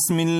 بسم الله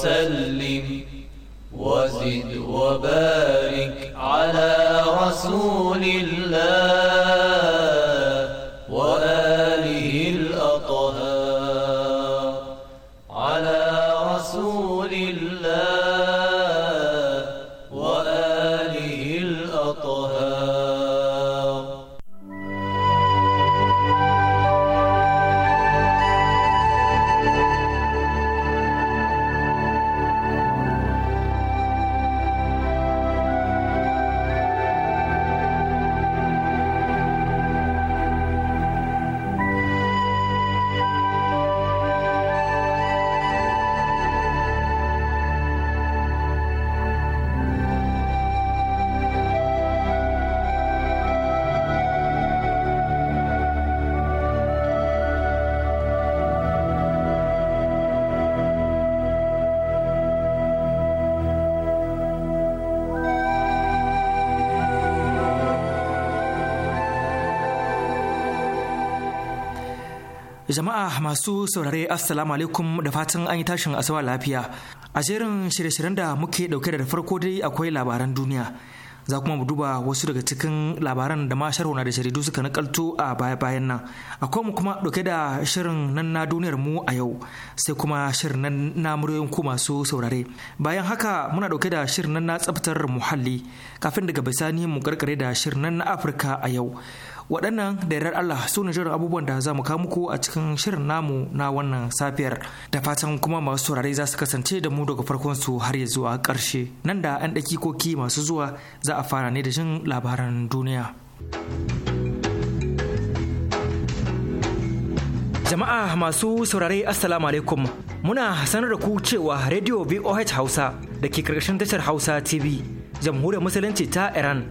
وسلم Jama'a masu saurare Assalamu alaikum da fatan an yi tashin asawa lafiya. A jerin shirye-shiryen da muke dauke da farko dai akwai labaran duniya. Za kuma mu duba wasu daga cikin labaran da ma na da jaridu suka nakalto a baya-bayan nan. Akwai mu kuma dauke da shirin nan na duniyar mu a yau sai kuma shirin nan na muryoyin ku masu saurare. Bayan haka muna dauke da shirin nan na tsabtar muhalli kafin daga bisani mu karkare da shirin nan na Afirka a yau. waɗannan da yarar Allah su ne jiran abubuwan da za mu kawo muku a cikin shirin namu na wannan safiyar da fatan kuma masu saurare za su kasance da mu daga farkon su har ya zuwa ƙarshe nan da an ɗaki koki masu zuwa za a fara ne da jin labaran duniya. Jama'a masu saurare Assalamu alaikum muna sanar da ku cewa Radio VOH Hausa da ke karkashin tashar Hausa TV jamhuriyar musulunci ta Iran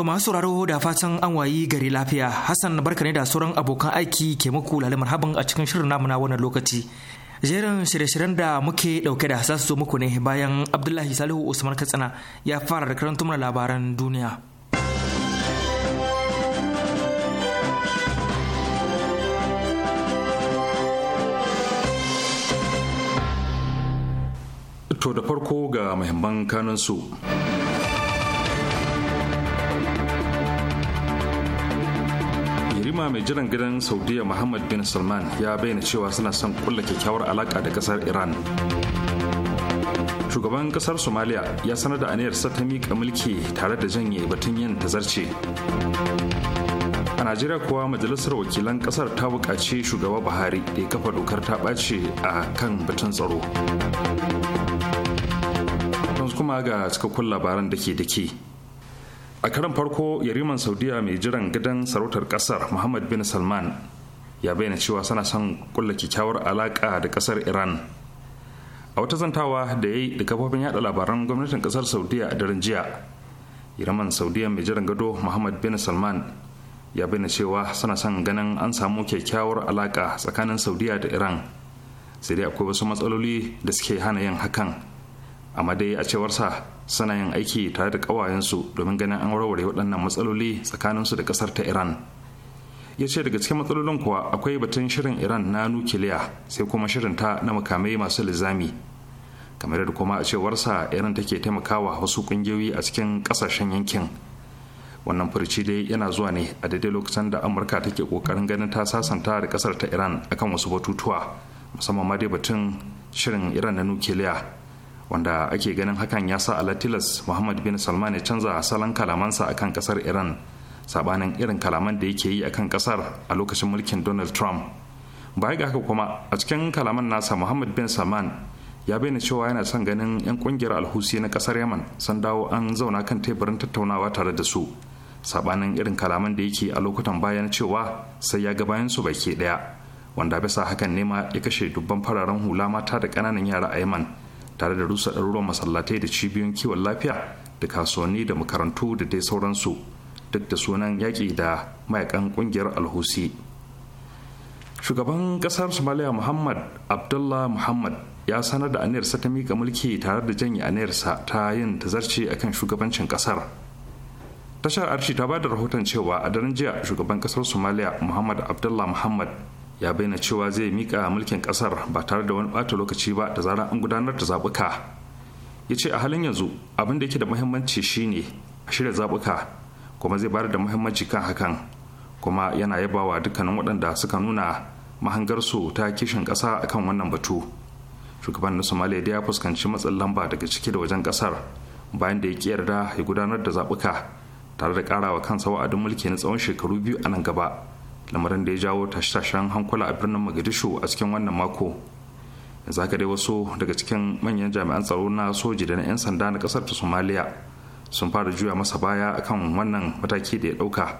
To masu sauraro da fatan an wayi gari lafiya Hassan barka ne da sauran abokan aiki ke muku lalimar haban a cikin shirin namuna wannan lokaci. Jerin shirye-shiryen da muke dauke da za su muku ne bayan Abdullahi Salihu Usman Katsina ya fara da karanta mana labaran duniya. To da farko ga muhimman kanansu. su. hukuma mai jiran gidan saudiya muhammad bin salman ya bayyana cewa suna son kulla kyakkyawar alaka da kasar iran shugaban kasar somaliya ya sanar da aniyar ta miƙa mulki tare da janye batun yin tazarce a najeriya kuwa majalisar wakilan kasar ta buƙaci shugaba buhari da ya kafa dokar ta ɓace a kan batun tsaro kuma ga cikakkun labaran da ke da ke a karan farko yariman saudiya mai jiran gidan sarautar kasar muhammad bin salman ya bayyana cewa sana son kulla kyakkyawar alaka da kasar iran a wata zantawa da ya yi da kafofin yada labaran gwamnatin kasar saudiya a daren jiya yariman saudiya mai jiran gado muhammad bin salman ya bayyana cewa sana son ganin an samu kyakkyawar alaka tsakanin saudiya da iran sai dai akwai wasu matsaloli da suke hana yin hakan amma dai a cewarsa suna yin aiki tare da ƙawayensu domin ganin an warware waɗannan matsaloli tsakaninsu da ƙasar ta iran ya ce daga cikin matsalolin kuwa akwai batun shirin iran na nukiliya sai kuma shirin ta na makamai masu lizami kamar da kuma a cewarsa iran take taimakawa wasu ƙungiyoyi a cikin ƙasashen yankin wannan furci dai yana zuwa ne a daidai lokacin da amurka take ƙoƙarin ganin ta sasanta da ƙasar ta iran akan wasu batutuwa musamman ma dai batun shirin iran na nukiliya wanda ake ganin hakan ya sa alatilas muhammad bin salman ya canza salon kalamansa a kan kasar iran sabanin irin kalaman da yake yi a kan kasar a lokacin mulkin donald trump baya ga haka kuma a cikin kalaman nasa muhammad bin salman ya bayyana cewa yana son ganin 'yan kungiyar alhusi na kasar yaman sun dawo an zauna kan teburin tattaunawa tare da su sabanin irin kalaman da yake a lokutan bayan cewa sai ya ga bayansu su baki daya wanda bisa hakan nema ya kashe dubban fararen hula mata da ƙananan yara a yaman tare da rusa ɗaruruwan masallatai da cibiyoyin kiwon lafiya da kasuwanni da makarantu da dai sauransu duk da sunan yaƙi da mayakan ƙungiyar alhusi shugaban ƙasar somaliya muhammad abdullah muhammad ya sanar da anayarsa ta miƙa mulki tare da janye anayarsa ta yin a kan shugabancin ƙasar tashar arshi ta ba da rahoton cewa a daren jiya shugaban ƙasar somaliya muhammad abdullah muhammad ya bayyana cewa zai mika mulkin kasar ba tare da wani bata lokaci ba da zarar an gudanar da zabuka ya ce a halin yanzu abin da yake da muhimmanci shine a shirya zabuka kuma zai bayar da muhimmanci kan hakan kuma yana yabawa dukkanin waɗanda suka nuna mahangarsu ta kishin ƙasa akan wannan batu shugaban na somalia da ya fuskanci matsin lamba daga ciki da wajen ƙasar bayan da ya ki yarda ya gudanar da zabuka tare da ƙarawa kansa wa'adin mulki na tsawon shekaru biyu a nan gaba lamarin da ya jawo tashetashen hankula a birnin magadishu a cikin wannan mako yanzu haka dai wasu daga cikin manyan jami'an tsaro na soji da na 'yan sanda na kasar ta somaliya sun fara juya masa baya akan wannan mataki da ya dauka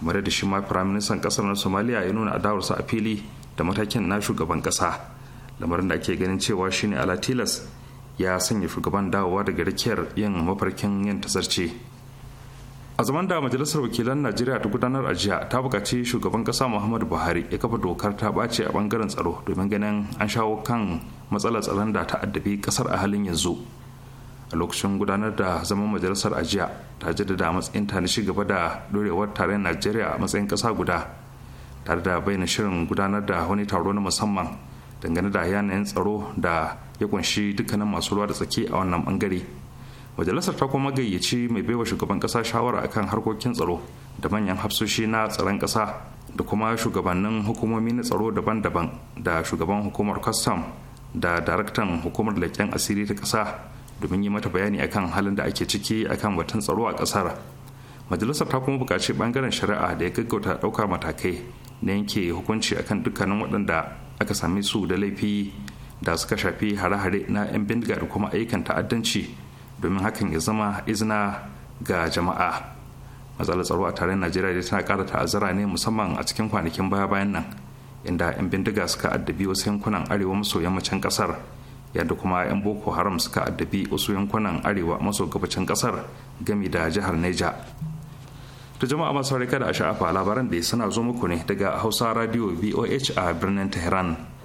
kamar yadda shi ma firaministan kasar na somaliya ya nuna adawarsa a fili da matakin na shugaban kasa lamarin da ake ganin cewa shine ala tilas ya sanya shugaban dawowa daga rakiyar yin mafarkin yin tasarce a zaman da majalisar wakilan najeriya ta gudanar a jiya ta buƙaci shugaban ƙasa muhammadu buhari ya kafa dokar ta ɓace a ɓangaren tsaro domin ganin an shawo kan matsalar tsaron da ta addabi ƙasar a halin yanzu a lokacin gudanar da zaman majalisar a jiya ta jaddada matsayin ta na gaba da dorewar tarayyar najeriya a matsayin ƙasa guda tare da bayyana shirin gudanar da wani taro na musamman dangane da yanayin tsaro da ya kunshi dukkanin masu ruwa da tsaki a wannan bangare majalisar ta kuma gayyaci mai baiwa shugaban kasa shawara akan harkokin tsaro da manyan hafsoshi na tsaron kasa da kuma shugabannin hukumomi na tsaro daban-daban da shugaban hukumar kwastam da daraktan hukumar leƙen asiri ta kasa domin yi mata bayani akan halin da ake ciki akan batun tsaro a kasar majalisar ta kuma buƙaci bangaren shari'a da ya gaggauta ɗaukar matakai na yanke hukunci akan dukkanin waɗanda aka same su da laifi da suka shafi hare-hare na 'yan bindiga da kuma ayyukan ta'addanci domin hakan ya zama izina ga jama'a matsalar tsaro a tarayyar najeriya dai tana kara ta'azzara ne musamman a cikin kwanakin baya bayan nan inda 'yan bindiga suka addabi wasu yankunan arewa maso yammacin kasar yadda kuma 'yan boko haram suka addabi wasu yankunan arewa maso gabacin kasar gami da jihar neja ta jama'a masu harika da a sha'afa labaran da suna zo muku ne daga hausa radio voh a birnin tehran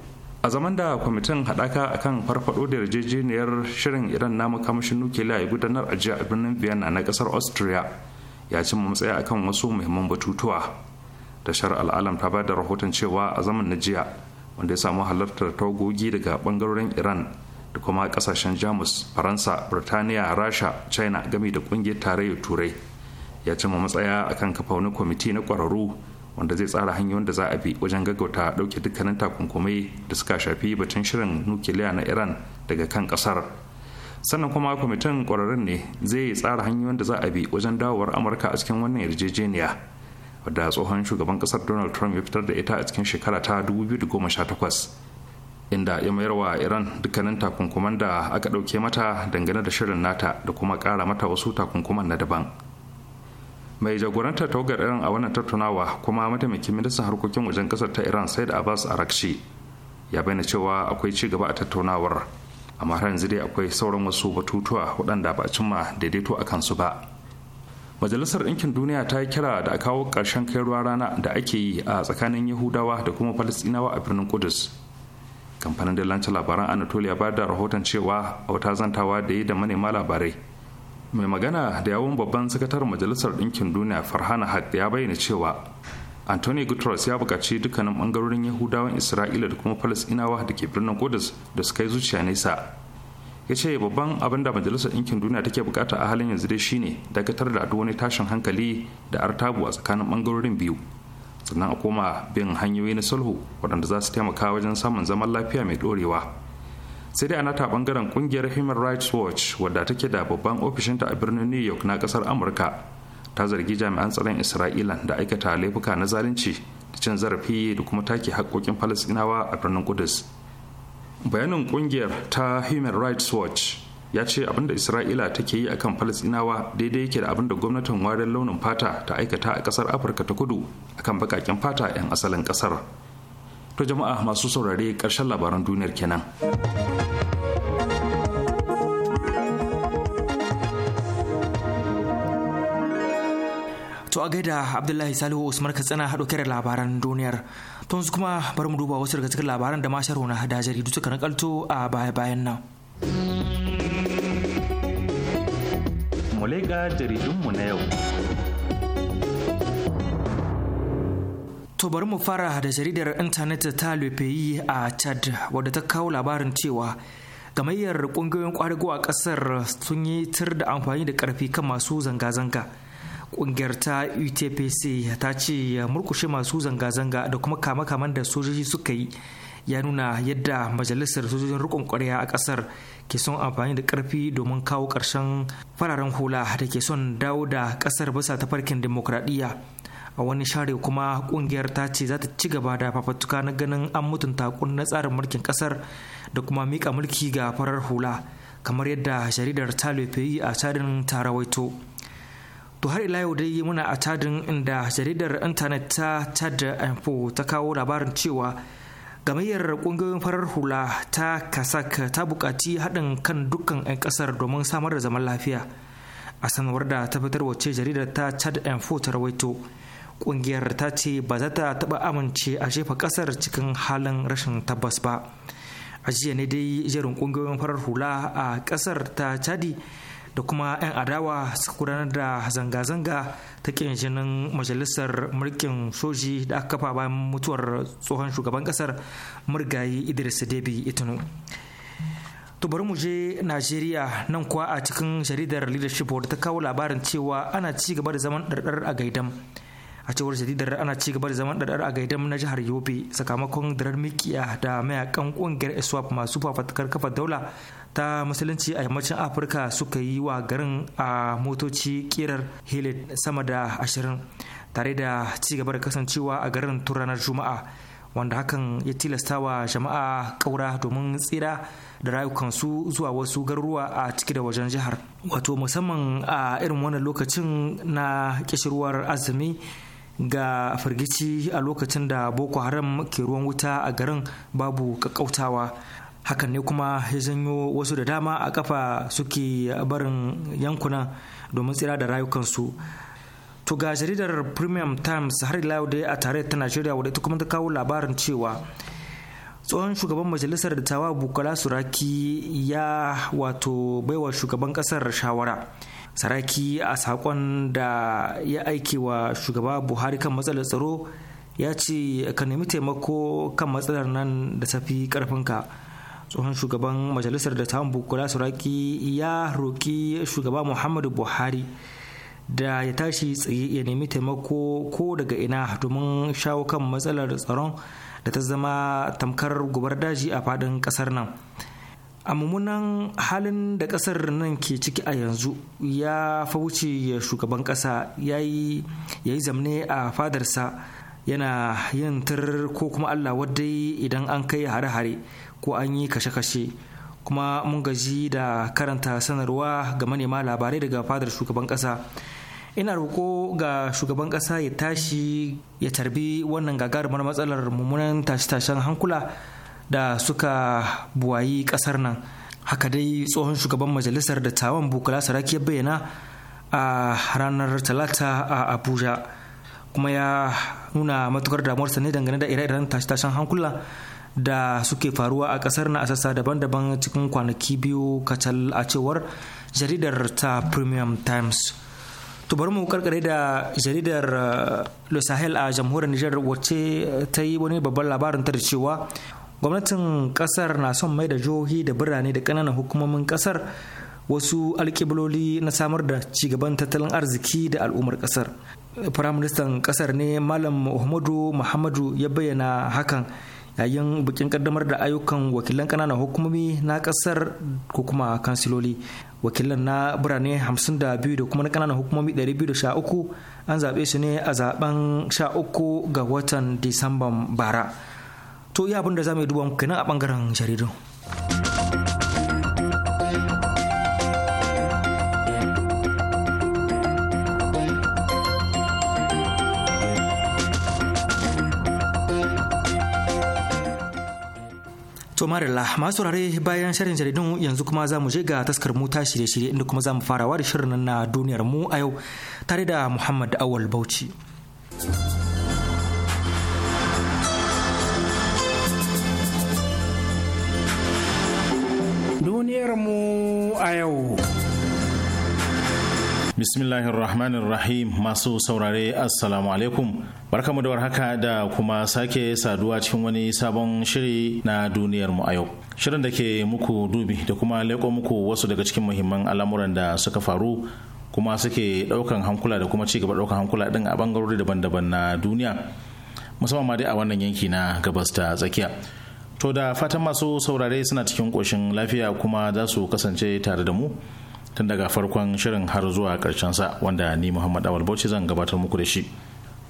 a zaman da kwamitin haɗaka kan farfaɗo da yarjejeniyar shirin iran na makamashin nukiliya ya gudanar a jiya a birnin vienna na ƙasar austria ya cimma matsaya akan wasu muhimman batutuwa tashar al'alam ta bada rahoton cewa a zaman na jiya wanda ya samu halartar tagogi daga ɓangarorin iran da kuma kasashen jamus faransa birtaniya rasha china gami da ƙungiyar tarayyar turai ya cimma matsaya akan kafa wani kwamiti na kwararru. wanda zai tsara hanyoyin da za a bi wajen gaggauta dauke dukkanin takunkumai da suka shafi batun shirin nukiliya na iran daga kan kasar sannan kuma kwamitin kwararren ne zai tsara hanyoyin da za a bi wajen dawowar amurka a cikin wannan yarjejeniya wadda tsohon shugaban kasar donald trump ya fitar da ita a cikin shekara ta 2018 inda ya mayar wa iran dukkanin takunkuman da aka dauke mata dangane da shirin nata da kuma kara mata wasu takunkuman na daban mai jagorantar tawagar iran a wannan tattaunawa kuma mataimakin ministan harkokin wajen kasar ta iran said abbas arakshi ya bayyana cewa akwai ci gaba a tattaunawar amma har yanzu dai akwai sauran wasu batutuwa waɗanda ba cimma daidaito a kansu ba majalisar ɗinkin duniya ta yi kira da a kawo ƙarshen kai ruwa rana da ake yi a tsakanin yahudawa da kuma falastinawa a birnin kudus kamfanin dalancin labaran anatolia ba da rahoton cewa a wata zantawa da yi da manema labarai mai magana da yawon babban sakataren majalisar ɗinkin duniya farhana haq ya bayyana cewa anthony guterres ya buƙaci dukkanin ɓangarorin yahudawan isra'ila da kuma falasɗinawa da ke birnin kudus da su kai zuciya nesa ya ce babban abin da majalisar ɗinkin duniya take bukata a halin yanzu dai shine dakatar da wani tashin hankali da artabu a tsakanin ɓangarorin biyu sannan a koma bin hanyoyi na sulhu waɗanda za su taimaka wajen samun zaman lafiya mai ɗorewa sai dai ana ta bangaren kungiyar human rights watch wadda take da babban ofishinta a birnin new york na kasar amurka ta zargi jami'an tsaron isra'ila da aikata laifuka na zalunci da cin zarafi da kuma take haƙƙoƙin falasinawa a birnin kudus bayanin kungiyar ta human rights watch ya ce abin da isra'ila take yi akan falastinawa daidai yake da abinda gwamnatin warin launin fata ta aikata a ƙasar afirka ta kudu akan baƙaƙen fata 'yan asalin ƙasar to jama'a masu saurare ƙarshen labaran duniyar kenan To a gaida Abdullahi Salihu Usman Katsina haɗo kare labaran duniyar. To kuma bari mu duba wasu daga cikin labaran da mashar na da jaridu suka nakalto a baya-bayan nan. jaridun jaridunmu na yau. To bari mu fara da jaridar intanet ta Lepeyi a Chad wadda ta kawo labarin cewa gamayyar kungiyoyin ƙwadago a kasar sun yi tir da amfani da karfi kan masu zanga-zanga. Kungiyar ta UTPC ta ce murkushe masu zanga-zanga da kuma kama-kaman da sojoji suka yi ya nuna yadda majalisar sojojin rukun kwarya a kasar ke son amfani da karfi domin kawo ƙarshen fararen hula da ke son dawo da kasar bisa tafarkin dimokuraɗiyya. a wani share kuma kungiyar ta ce za ta ci gaba da fafatuka na ganin an mutunta na tsarin mulkin kasar da kuma mika mulki ga farar hula kamar yadda jaridar ta yi a tarin tarawaito to har ila yau dai muna a tadin inda jaridar intanet ta tada info ta kawo labarin cewa gamayyar kungiyoyin farar hula ta kasak ta bukaci haɗin kan dukkan 'yan ƙasar domin samar da zaman lafiya a sanarwar da ta fitar wace jaridar ta chad info ta rawaito kungiyar ta ce ba za ta taɓa amince a jefa ƙasar cikin halin rashin tabbas ba a jiya ne dai jerin kungiyoyin farar hula a ƙasar ta chadi da kuma 'yan adawa su gudanar da zanga-zanga ta ƙin jinin majalisar mulkin soji da aka kafa bayan mutuwar tsohon shugaban ƙasar murgayi idris debi itinu to bari mu je najeriya nan kuwa a cikin jaridar leadership wadda ta kawo labarin cewa ana ci gaba da zaman ɗarɗar a gaidan. a cewar jaridar ana ci gaba da zaman ɗaɗar a gaidan na jihar yobe sakamakon darar mikiya da mayakan ƙungiyar iswap masu fafatakar kafa daula ta musulunci a yammacin afirka suka yi wa garin a motoci kirar hilid sama da ashirin tare da ci gaba da kasancewa a garin tun ranar juma'a wanda hakan ya tilasta wa jama'a kaura domin tsira da rayukansu zuwa wasu garuruwa a ciki da wajen jihar wato musamman a irin wannan lokacin na kishirwar azumi ga firgici a lokacin da boko haram ke ruwan wuta a garin babu kakautawa hakan ne kuma ya janyo wasu da dama a kafa suke barin yankunan domin tsira da rayukansu to ga jaridar premium times har ila dai a tare ta najeriya wadda ita kuma ta kawo labarin cewa tsohon shugaban majalisar da tawa bukola suraki ya wato baiwa shugaban kasar shawara saraki a sakon da ya aiki wa shugaba buhari kan matsalar tsaro ya ce ka nemi taimako kan matsalar nan da safi karfinka tsohon shugaban majalisar da tambu bukula suraki ya roƙi shugaba muhammadu buhari da ya tashi tsaye ya nemi taimako ko daga ina domin shawo kan matsalar tsaron da ta zama tamkar gubar daji a faɗin ƙasar nan a mummunan halin da kasar nan ke ciki a yanzu ya fa wuce shugaban kasa ya yi zamne a fadarsa yana yin tur ko kuma allah wadai idan an kai hare-hare ko an yi kashe-kashe kuma mun gaji da karanta sanarwa ga manema labarai daga fadar shugaban kasa ina roƙo ga shugaban ƙasa ya tashi ya tarbi wannan gagarumar matsalar mummunan tashe-tashen hankula da suka buwayi kasar nan haka dai tsohon shugaban majalisar da dattawan bukula saraki ya bayyana a ranar talata a abuja kuma ya nuna matukar damuwar ne dangane da ire-iren tashe-tashen hankula da suke faruwa a kasar na a sassa daban-daban cikin kwanaki biyu kacal a cewar jaridar ta premium times to bari mu karkare da jaridar eh, le sahel a jamhuriyar niger wacce ta yi wani babban labarin ta da cewa gwamnatin kasar na son mai da jihohi da birane da kananan hukumomin kasar wasu alkibloli na samar da cigaban tattalin arziki da al'ummar kasar firaministan kasar ne malam muhammadu muhammadu ya bayyana hakan yayin bikin kaddamar da ayyukan wakilan kananan hukumomi na kasar ko kuma kansiloli wakilan na birane 52 da kuma na kananan hukumomi 213 an zaɓe su ne a zaben 13 ga watan disamban bara to iya abin da za mu duba muku kenan a bangaren jaridun To Marilla, masu saurare bayan shirin jaridun yanzu kuma za mu je ga taskar mu ta shirye-shirye inda kuma za mu farawa da shirin na duniyar mu a yau tare da Muhammad Awal Bauchi. mu a yau. Bismillahirrahmanirrahim masu saurare Assalamu alaikum. Barkamu da warhaka da kuma sake saduwa cikin wani sabon shiri na duniyar mu a yau. Shirin da ke muku dubi da kuma leko muku wasu daga cikin muhimman al'amuran da suka faru kuma suke daukan hankula da kuma cigaba daukan hankula din a bangarori daban-daban na duniya. Musamman ma dai a wannan yanki na gabas ta tsakiya. to da fatan masu saurare suna cikin ƙoshin lafiya kuma za su kasance tare da mu tun daga farkon shirin har zuwa karshen sa wanda ni muhammad awal bauchi zan gabatar muku da shi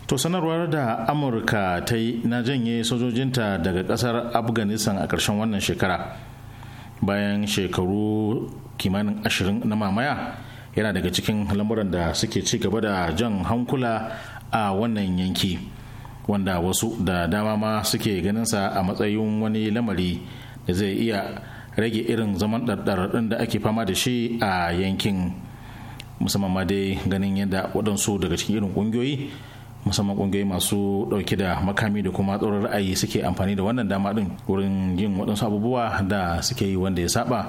to sanarwar da amurka ta yi na janye sojojinta daga ƙasar afghanistan a ƙarshen wannan shekara bayan shekaru kimanin ashirin na mamaya yana daga cikin lamuran da suke ci gaba da jan hankula a wannan yanki. wanda wasu da dama ma suke ganinsa a matsayin wani lamari da zai iya rage irin zaman ɗarɗarɗin da ake fama da shi a yankin musamman ma dai ganin yadda waɗansu daga cikin irin ƙungiyoyi musamman ƙungiyoyi masu ɗauke da makami da kuma tsoron ra'ayi suke amfani da wannan dama ɗin wurin yin waɗansu abubuwa da suke yi wanda ya saba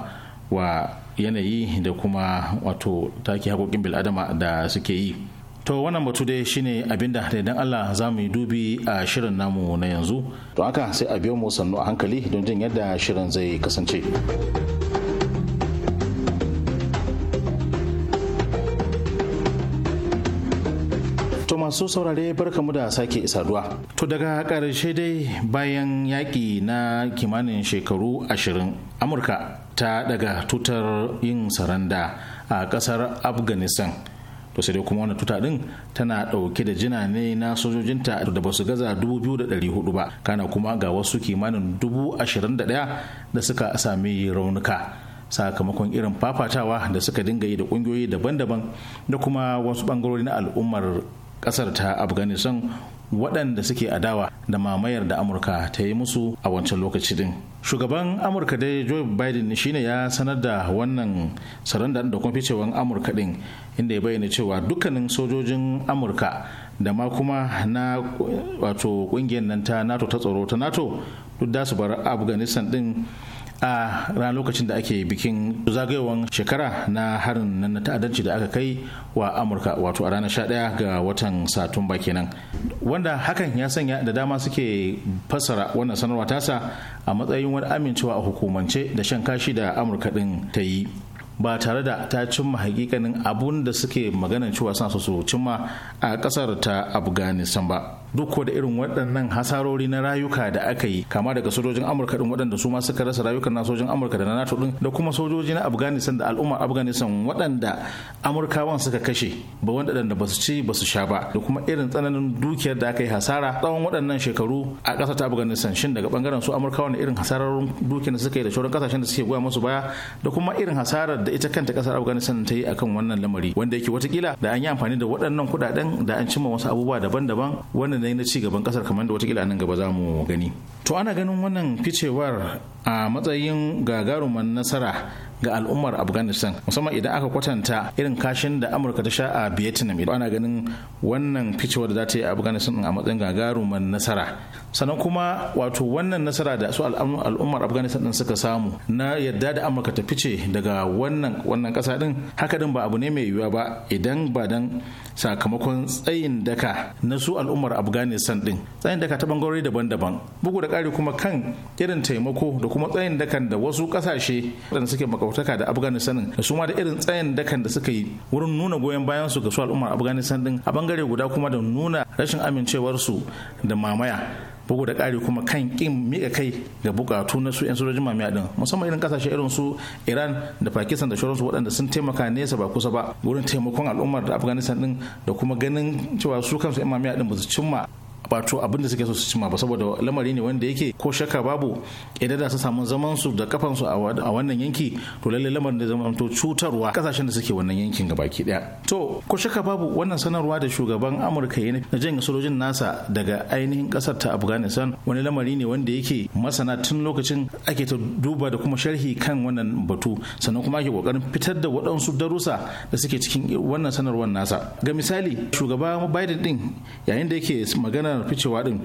wa yanayi da kuma wato take haƙoƙin bil'adama da suke yi To wannan batu dai shine abinda da idan Allah za mu yi dubi a shirin namu na yanzu. To haka sai a biyo mu sannu a hankali don jin yadda shirin zai kasance. To masu saurare barkamu da sake saduwa. To daga ƙarshe dai bayan yaƙi na kimanin shekaru ashirin Amurka ta daga tutar yin saranda a ƙasar Afghanistan. to sai dai kuma wannan tuta din tana dauke da jina ne na sojojinta da ba su gaza 2,400 ba kana kuma ga wasu kimanin 21,000 da suka sami raunuka sakamakon irin fafatawa da suka dinga yi da kungiyoyi daban-daban da kuma wasu bangarori na al'ummar kasar ta afghanistan waɗanda suke adawa da mamayar da amurka ta yi musu a wancan lokaci din shugaban amurka dai joe biden shine ya sanar da wannan saranda da kuma ficewan amurka din inda ya bayyana cewa dukkanin sojojin amurka da ma kuma na wato kungiyar nan ta nato ta tsaro ta nato duk da su bar afghanistan din a ranar lokacin da ake bikin zagayowar shekara na harin na ta'addanci da aka kai wa amurka wato a ranar 11 ga watan satumba kenan wanda hakan ya sanya da dama suke fassara wannan sanarwa tasa a matsayin wani amincewa a hukumance da shan kashi da amurka din ta yi ba tare da ta cimma hakikanin abun da suke maganan cewa sa su cimma a kasar ta afghanistan ba duk da irin waɗannan hasarori na rayuka da aka yi kama daga sojojin amurka din waɗanda su ma suka rasa rayukan na sojojin amurka da na nato din da kuma sojoji na afghanistan da al'ummar afghanistan waɗanda amurkawan suka kashe ba waɗanda ba su ci ba su sha ba da kuma irin tsananin dukiyar da aka yi hasara tsawon waɗannan shekaru a ƙasar ta afghanistan shin daga bangaren su amurkawan da irin hasarar dukiyar da suka yi da shauran ƙasashen da suke goya musu baya da kuma irin hasarar da ita kanta ƙasar afghanistan ta yi akan wannan lamari wanda yake watakila da an yi amfani da waɗannan kuɗaɗen da an cimma wasu abubuwa daban-daban wannan yanayi na cigaban kasar kamar da watakila nan gaba za mu gani to ana ganin wannan ficewar a matsayin gagaruman nasara ga al'ummar afghanistan musamman idan aka kwatanta irin kashin da amurka ta sha a vietnam idan ana ganin wannan ficewar da za ta yi a afghanistan a matsayin gagaruman nasara sannan kuma wato wannan nasara da su al'ummar afghanistan din suka samu na yadda da amurka ta fice daga wannan wannan kasa din haka din ba abu ne mai yiwuwa ba idan ba dan sakamakon tsayin daka na su al'ummar afghanistan din tsayin daka ta bangarori daban-daban bugu da ƙari kuma kan irin taimako da kuma tsayin dakan da wasu ƙasashe waɗanda suke makautaka da afghanistan da su ma da irin tsayin dakan da suka yi wurin nuna goyon bayan su ga su al'ummar afghanistan din a bangare guda kuma da nuna rashin amincewarsu da mamaya bugu da ƙari kuma kan ƙin miƙa kai ga buƙatu na su 'yan sojojin mamiya din musamman irin ƙasashe irin su iran da pakistan da sauransu waɗanda sun taimaka nesa ba kusa ba wurin taimakon al'ummar da afghanistan din da kuma ganin cewa su kansu 'yan mamiya din ba su cimma wato abin da suke so su cima ba saboda lamari ne wanda yake ko shakka babu idan da su samu zaman su da kafan su a wannan yanki to lalle lamarin da zama to cutarwa kasashen da suke wannan yankin gabaki daya to ko shakka babu wannan sanarwa da shugaban Amurka yana na janye sojojin nasa daga ainihin kasar ta Afghanistan wani lamari ne wanda yake masana tun lokacin ake ta duba da kuma sharhi kan wannan batu sannan kuma ake kokarin fitar da waɗansu darussa da suke cikin wannan sanarwar nasa ga misali shugaba Biden din yayin da yake magana maganar ficewa din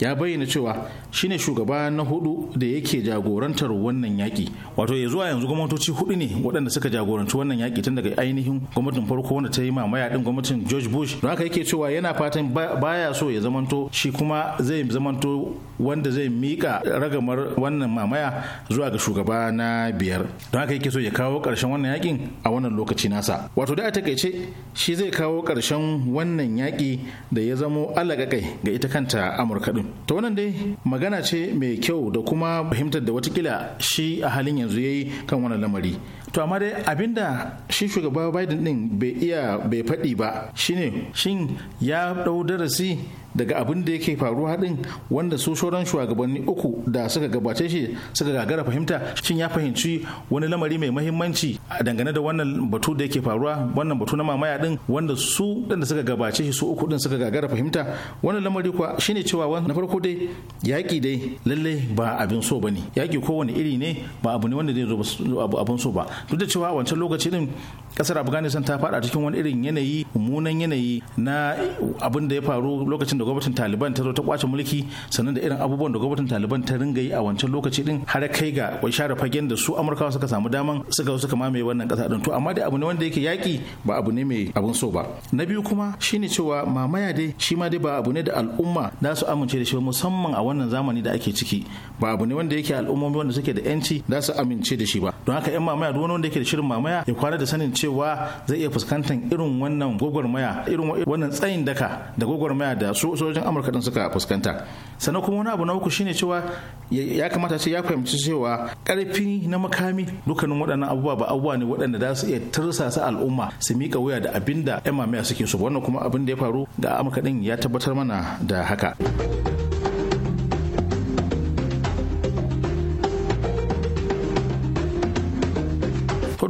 ya bayyana cewa shine shugaba na hudu da yake jagorantar wannan yaki wato ya zuwa yanzu gwamnatoci hudu ne waɗanda suka jagoranci wannan yaki tun daga ainihin gwamnatin farko wanda ta yi mamaya din gwamnatin George Bush don haka yake cewa yana fatan baya so ya zamanto shi kuma zai zamanto wanda zai mika ragamar wannan mamaya zuwa ga shugaba na biyar don haka yake so ya kawo ƙarshen wannan yakin a wannan lokaci nasa wato da a takaice shi zai kawo ƙarshen wannan yaki da ya zamo alaƙaƙai ga ita kanta Amurka din to wannan dai magana ce mai kyau da kuma fahimtar da watakila shi a halin yanzu ya yi kan wannan lamari to amma dai abinda shi shugaba biden din bai iya bai faɗi ba shine shin ya ɗau darasi daga abin da yake faruwa haɗin wanda su shoran shugabanni uku da suka gabace shi suka gagara fahimta shin ya fahimci wani lamari mai mahimmanci a dangane da wannan batu da yake faruwa wannan batu na mamaya din wanda su da suka gabace shi su uku din suka gagara fahimta wannan lamari kuwa shine cewa na farko dai yaƙi dai lallai ba abin so bane yaƙi kowane iri ne ba abu ne wanda zai zo abin so ba duk da cewa a wancan lokaci din kasar afghanistan ta fada cikin wani irin yanayi mummunan yanayi na abin da ya faru lokacin da gwamnatin taliban ta zo ta kwace mulki sannan da irin abubuwan da gwamnatin taliban ta ringa yi a wancan lokaci din har kai ga wai share fagen da su amurkawa suka samu daman suka suka mamaye wannan kasa din to amma dai abu ne wanda yake yaki ba abu ne mai abun so ba na biyu kuma shine cewa mamaya dai shi ma dai ba abu ne da al'umma za su amince da shi musamman a wannan zamani da ake ciki ba abu ne wanda yake al'ummomi wanda suke da yanci za su amince da shi ba don haka yan mamaya duk wani wanda yake da shirin mamaya ya kwana da sanin cewa zai iya fuskantar irin wannan gwagwarmaya irin wannan tsayin daka da gwagwarmaya da sojojin amurka din suka fuskanta sannan kuma wani abu na uku shine cewa ya kamata ce ya fahimci cewa karfi na makami dukkanin waɗannan abubuwa ba abubuwa ne waɗanda za su iya tursasa al'umma su mika wuya da abin da 'yan mamaya suke so wannan kuma abin da ya faru ga amurka din ya tabbatar mana da haka.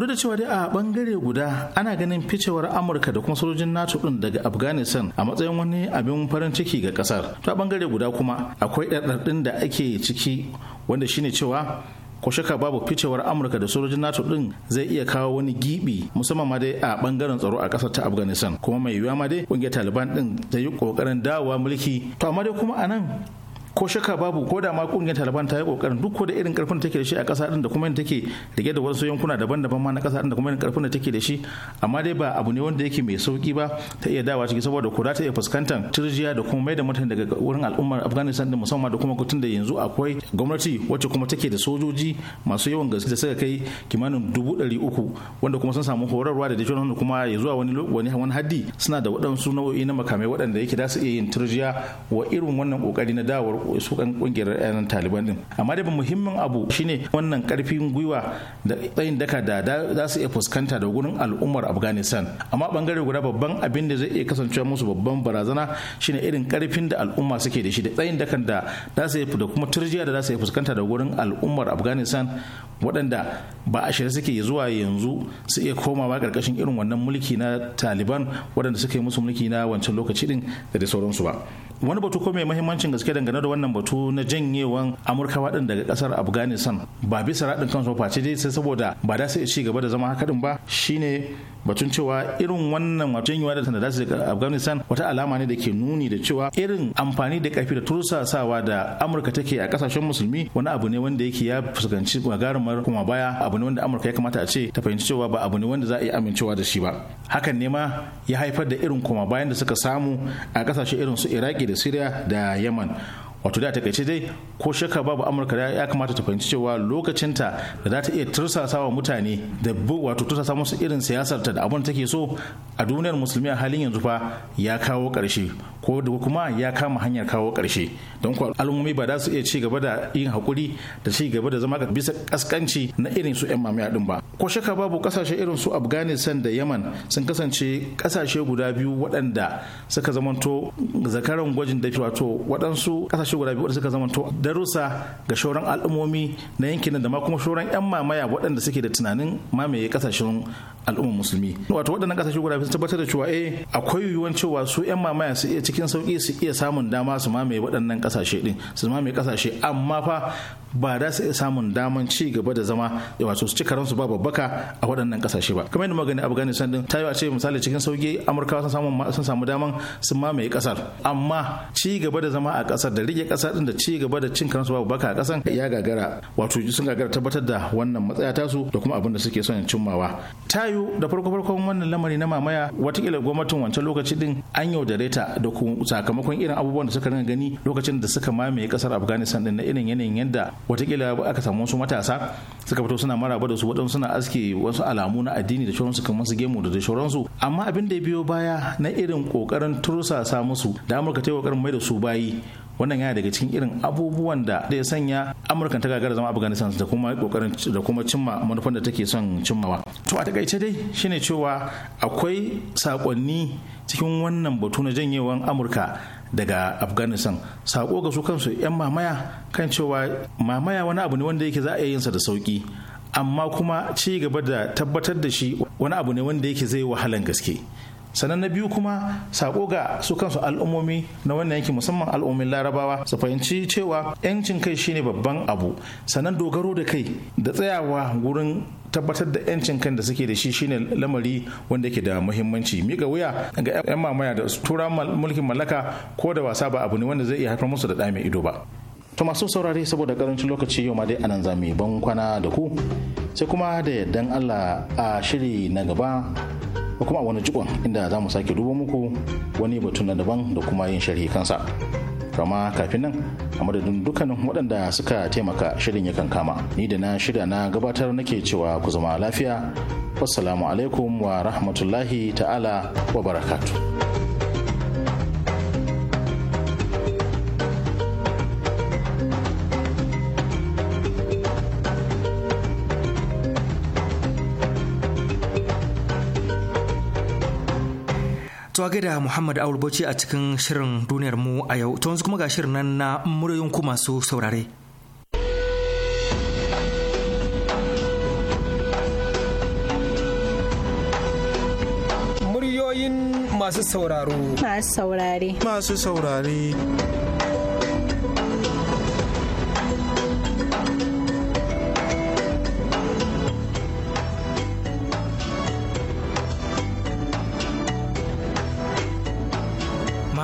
duk da cewa dai a bangare guda ana ganin ficewar amurka da kuma sojojin nato din daga afghanistan a matsayin wani abin farin ciki ga kasar to a bangare guda kuma akwai ɗin da ake ciki wanda shine cewa ko shaka babu ficewar amurka da sojojin nato din zai iya kawo wani gibi musamman ma dai a bangaren tsaro a kasar ta afghanistan kuma mai yiwuwa ma dai kungiyar taliban din zai yi kokarin dawowa mulki to amma dai kuma anan. ko shaka babu ko da ma kungiyar taliban ta yi kokarin duk ko da irin karfin da take da shi a kasa din da kuma yadda take rike da wasu yankuna daban-daban ma na kasa din da kuma irin karfin da take da shi amma dai ba abu ne wanda yake mai sauki ba ta iya dawa ciki saboda ko ta iya fuskantar turjiya da kuma mai da mutane daga wurin al'ummar afghanistan da musamman da kuma kutun da yanzu akwai gwamnati wacce kuma take da sojoji masu yawan gaske da suka kai kimanin dubu ɗari uku wanda kuma sun samu horarwa da dace wanda kuma ya zuwa wani wani wani haddi suna da waɗansu nau'o'i na makamai waɗanda yake da su iya yin turjiya wa irin wannan kokari na dawar su kan kungiyar yan taliban din amma dai muhimmin abu shine wannan karfin gwiwa da tsayin daka da za su iya fuskanta da gurin al'ummar afghanistan amma bangare guda babban abin da zai iya kasancewa musu babban barazana shine irin karfin da al'umma suke da shi da tsayin dakan da za su da kuma turjiya da za su iya fuskanta da gurin al'ummar afghanistan waɗanda ba a shirye suke zuwa yanzu su iya komawa karkashin irin wannan mulki na taliban wadanda suka yi musu mulki na wancan lokaci din da dai sauransu ba wani batu ko mai mahimmancin gaske dangane da wannan batu na janyewan amurkawa din daga kasar afghanistan ba bisa raɗin kansu face dai sai saboda ba da sai ci gaba da zama haka din ba shine batun cewa irin wannan wato yankewa da tana da afghanistan wata alama ne da ke nuni da cewa irin amfani da kafi da tursasawa da amurka take a kasashen musulmi wani abu ne wanda yake ya fuskanci gagarumar kuma baya abu ne wanda amurka ya kamata a ce ta fahimci cewa ba abu ne wanda za a yi amincewa da shi ba hakan ne ma ya haifar da irin kuma bayan da suka samu a kasashe irin su iraki da syria da yaman wato da takaice dai ko shakka babu amurka ya kamata ta fahimci cewa lokacin ta da za ta iya tursasa wa mutane da wato tursasa musu irin siyasar ta da abin take so a duniyar musulmi a halin yanzu fa ya kawo karshe ko da kuma ya kama hanyar kawo karshe don kuwa al'ummomi ba za su iya ci gaba da yin hakuri da ci gaba da zama bisa kaskanci na irin su yan mamaya din ba ko shakka babu kasashe irin su afghanistan da yaman sun kasance kasashe guda biyu waɗanda suka zamanto zakaran gwajin dafi wato waɗansu kasashe kasashe guda biyu suka to darussa ga shauran al'ummomi na yankin da ma kuma shauran 'yan mamaya waɗanda suke da tunanin mamaye kasashen al'ummar musulmi wato waɗannan ƙasashe guda sun tabbatar da cewa eh akwai yiwuwar cewa su yan mamaya su iya cikin sauki su iya samun dama su mamaye waɗannan ƙasashe din su mamaye ƙasashe amma fa ba za su iya samun daman ci gaba da zama wato su ci su ba babbaka a waɗannan ƙasashe ba kamar yadda magani afghanistan din ta yi a ce misali cikin sauki amurkawa sun samu sun samu daman su mamaye ƙasar amma ci gaba da zama a ƙasar da rike ƙasar din da ci gaba da cin karansu ba babbaka a ƙasar ya gagara wato sun gagara tabbatar da wannan matsaya tasu da kuma abin da suke son cimmawa ta yi biyu da farko farkon wannan lamari na mamaya watakila gwamnatin wancan lokaci din an yaudare ta da sakamakon irin abubuwan da suka rinka gani lokacin da suka mamaye kasar afghanistan din na irin yanayin yadda watakila aka samu wasu matasa suka fito suna maraba da su waɗansu suna aske wasu alamu na addini da shauransu kamar su gemu da shauransu amma abin da ya biyo baya na irin kokarin tursasa musu da amurka ta yi kokarin mai da su bayi wannan yana daga cikin irin abubuwan da ya sanya amurka ta gagara zama afghanistan da kuma kokarin da kuma cimma manufan da take son cimmawa to a takaice dai shine cewa akwai sakonni cikin wannan batu na janyewan amurka daga afghanistan sako ga su kansu 'yan mamaya kan cewa mamaya wani abu ne wanda yake za a yin sa da sauki amma kuma ci gaba da tabbatar da shi wani abu ne wanda yake zai wahalan gaske sannan na biyu kuma sako ga su kansu al'ummomi na wannan yankin musamman al'ummin larabawa su fahimci cewa 'yancin kai shine babban abu sannan dogaro da kai da tsayawa gurin tabbatar da 'yancin kan da suke da shi shine lamari wanda yake da muhimmanci miƙa wuya ga 'yan mamaya da tura mulkin mallaka ko da wasa ba abu ne wanda zai iya haifar musu da ɗame ido ba to masu saurare saboda karancin lokaci yau ma dai anan zami ban kwana da ku sai kuma da yardan allah a shiri na gaba da kuma wani jikon inda za mu sake duba muku wani batun na daban da kuma yin sharhi kansa rama kafin nan a madadin dukkanin waɗanda suka taimaka shirin yakan kama ni da na shirya na gabatar nake cewa ku zama lafiya wassalamu alaikum wa rahmatullahi ta'ala wa barakatu. To da Muhammad Awul Bauchi a cikin shirin duniyar mu a yau. To yanzu kuma ga shirin nan na muryoyin ku masu saurare. Muryoyin masu sauraro. Masu saurare. Masu saurare.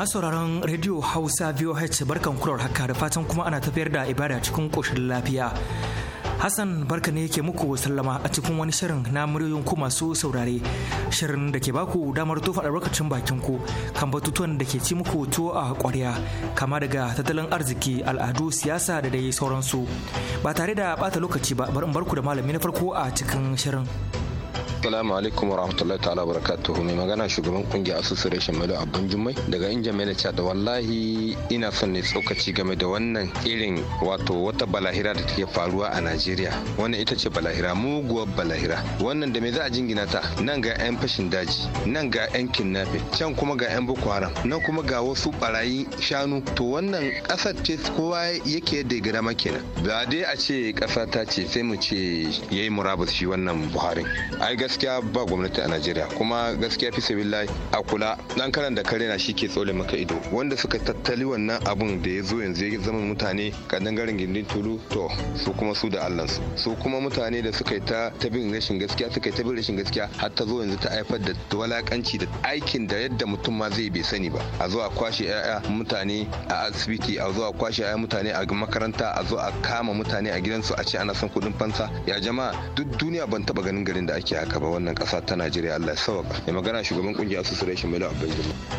sauraron Radio Hausa VOH barkan kurar haka da fatan kuma ana tafiyar da ibada cikin koshin lafiya. Hassan barka ne ke muku sallama a cikin wani shirin na muryoyin ku masu saurare. Shirin da ke baku damar tofa lokacin bakin ku kan batutuwan da ke ci muku tuwo a ƙwarya kama daga tattalin arziki, al'adu, siyasa da dai sauransu. Ba tare da bata lokaci ba bar in barku da malami na farko a cikin shirin. assalamu alaikum warahmatullahi ta'ala barakatuhu mai magana shugaban kungiyar asusun reshen malo abun jummai daga injin mai da wallahi ina son ne tsokaci game da wannan irin wato wata balahira da take faruwa a najeriya wannan ita ce balahira muguwar balahira wannan da me za a jingina ta nan ga yan fashin daji nan ga yan kidnapping can kuma ga yan boko haram nan kuma ga wasu barayi shanu to wannan kasar ce kowa yake da girma kenan ba dai a ce kasa ta ce sai mu ce yayi murabus shi wannan buhari ai gaskiya ba gwamnati a najeriya kuma gaskiya fi sabillahi a kula dan karan da kare na ke tsole maka ido wanda suka tattali wannan abun da ya zo yanzu ya zama mutane kadan garin gindin tulu to su kuma su da allah su su kuma mutane da suka yi ta bin rashin gaskiya suka yi bin rashin gaskiya har ta zo yanzu ta haifar da walakanci da aikin da yadda mutum ma zai bai sani ba a zo a kwashe 'ya'ya mutane a asibiti a zo a kwashe 'ya'ya mutane a makaranta a zo a kama mutane a gidansu a ce ana son kuɗin fansa ya jama'a duk duniya ban taba ganin garin da ake haka gaba wannan kasa ta Najeriya Allah ya sauka mai magana shugaban kungiyar association Bello Abdul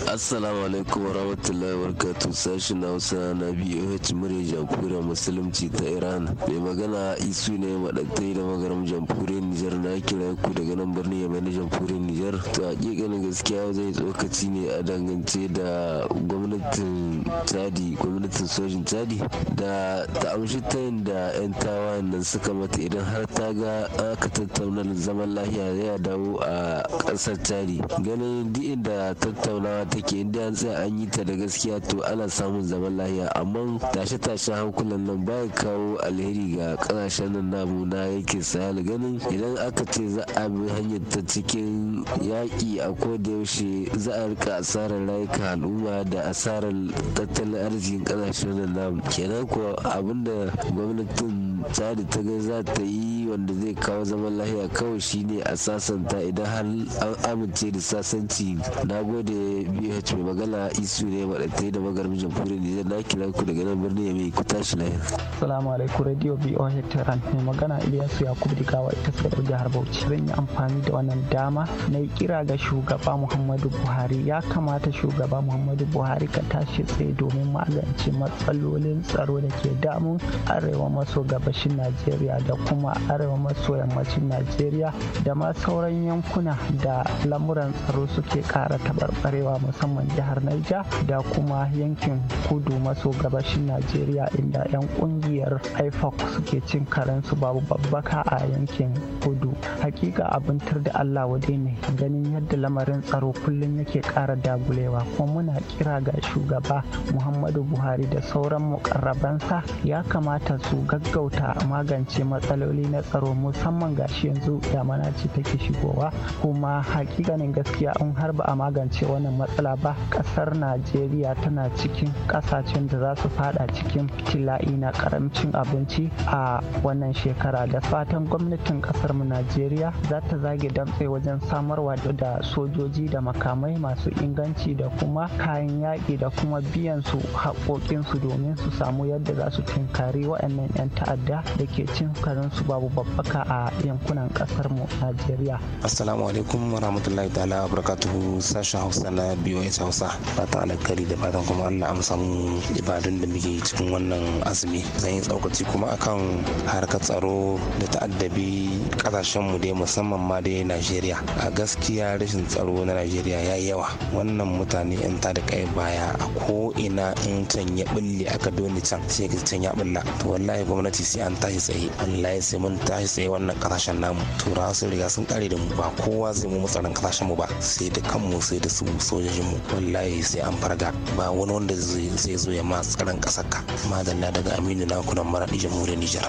Assalamu alaikum wa rahmatullahi wa barakatuh sashin Hausa na BOH murya jamhuriyar musulunci ta Iran mai magana isu ne madaktai da magaram jamhuriyar Nijar na kira ku daga nan birnin Yamai na jamhuriyar Nijar to hakikanin gaskiya zai tsokaci ne a dangance da gwamnatin Chadi gwamnatin sojin Chadi da ta amshi ta da 'yan tawayen nan suka mata idan har ta ga aka tattauna zaman lahiya zai dawo a ƙasar tari ganin duk inda tattaunawa take inda an tsaya an yi ta da gaskiya to ana samun zaman lahiya amma tashe-tashen hankulan nan baya kawo alheri ga ƙasashen nan namu na yake sahel ganin idan aka ce za a bi hanyar ta cikin yaƙi a koda yaushe za a rika asarar rayuka al'umma da asarar tattalin arzikin ƙasashen nan namu kenan kuwa abinda gwamnatin tsari ta ga za ta yi wanda zai kawo zaman lahiya kawai shine a sasanta idan har an amince da sasanci na gode bh mai magana isu ne maɗaɗe da mijin jamhuriyar ne na kira ku daga nan birnin mai ku tashi lahiya. salamu alaikum radio boh tehran mai magana ilyasu yakubu gawa ita su da jihar bauchi zan yi amfani da wannan dama na yi kira ga shugaba muhammadu buhari ya kamata shugaba muhammadu buhari ka tashi tsaye domin magance matsalolin tsaro da ke damun arewa maso gabashin najeriya da kuma arewa maso yammacin najeriya da ma sauran yankuna da lamuran tsaro suke ƙara taɓarɓarewa musamman jihar naija da kuma yankin kudu maso gabashin najeriya inda 'yan ƙungiyar ifac suke cin karensu babu babbaka a yankin kudu hakika abin tur da allah wade ne ganin yadda lamarin tsaro kullum yake ƙara dagulewa kuma muna kira ga shugaba muhammadu buhari da sauran mukarrabansa ya kamata su gaggauta magance matsaloli na tsaro musamman gashi yanzu damana ce take shigowa kuma hakikanin gaskiya in har ba a magance wannan matsala ba kasar najeriya tana cikin kasashen da za su fada cikin tila'i na karamcin abinci a wannan shekara da fatan gwamnatin kasar mu najeriya za ta zage damtse wajen samarwa da sojoji da makamai masu inganci da kuma kayan yaƙi da kuma biyan su haƙoƙinsu domin su samu yadda za su tunkari waɗannan 'yan ta'adda da ke cin karinsu babu babbaka a yankunan kasar mu Najeriya. Assalamu alaikum warahmatullahi ta'ala barakatuhu sashen Hausa na BOS Hausa. Fatan alkhairi da fatan kuma Allah amsa mu ibadun da muke cikin wannan azumi. Zan yi tsaukaci kuma akan harkar tsaro da ta'addabi kasashen mu dai musamman ma dai Najeriya. A gaskiya rashin tsaro na Najeriya ya yi yawa. Wannan mutane in ta da kai baya a ko ina in can ya bulle aka doni can sai ka can ya bulla. To wallahi gwamnati sai an tashi tsaye. Allah ya sai mun ta tashi tsaye wannan kasashen namu turawa sun riga sun kare da mu ba kowa zai mu tsaron kasashen mu ba sai da kanmu sai da su sojojin mu wallahi sai an farga ba wani wanda zai zo ya ma tsaron kasar ka madalla daga aminu na kunan maradi jamhuriyar nijar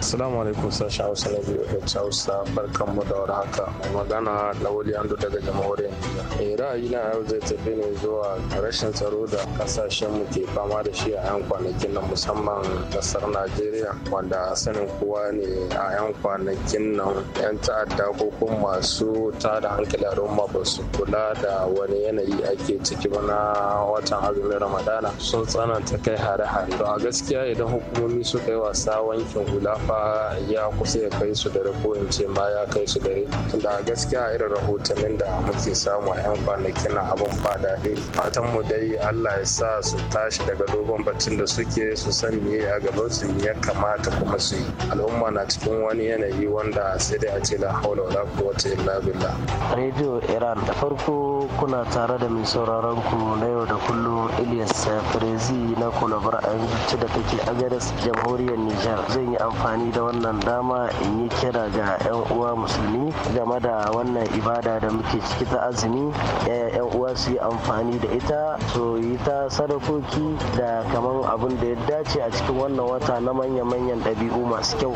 Assalamu alaikum sashen Hausa na da Hausa barkan mu da war haka magana Lawali Ando daga jamhuriyar Nijar. Eh ra'ayi na yau zai tafi ne zuwa rashin tsaro da kasashen mu ke fama da shi a yan kwanakin nan musamman kasar Najeriya wanda sanin kowa ne a 'yan kwanakin nan 'yan ta'adda ko kuma masu tada hankali al'umma ba su kula da wani yanayi ake ciki ba na watan azumin ramadana sun tsananta kai hare-hare to a gaskiya idan hukumomi suka yi wasa wankin hula fa ya kusa ya kai su dare ko in ce ma ya kai su dare da gaskiya irin rahotannin da muke samu a 'yan kwanakin nan abin ba daɗi fatan mu dai allah ya sa su tashi daga dogon batun da suke su san me a gaban su ya kamata kuma su yi al'umma na cikin wani yanayi wanda sai dai a ce la haula wala quwwata illa billah radio iran da farko kuna tare da mai sauraron ku na yau da kullum Ilyas frezi na kulabar abinci da take Agadas jamhuriyar Nijar zan yi amfani da wannan dama in yi kira ga 'yan uwa musulmi game da wannan ibada da muke ciki ta azumi 'yan eh, uwa su yi amfani da ita su yi ta sadakoki da kamar abin da ya dace a cikin wannan wata na manya-manyan ɗabi'u masu kyau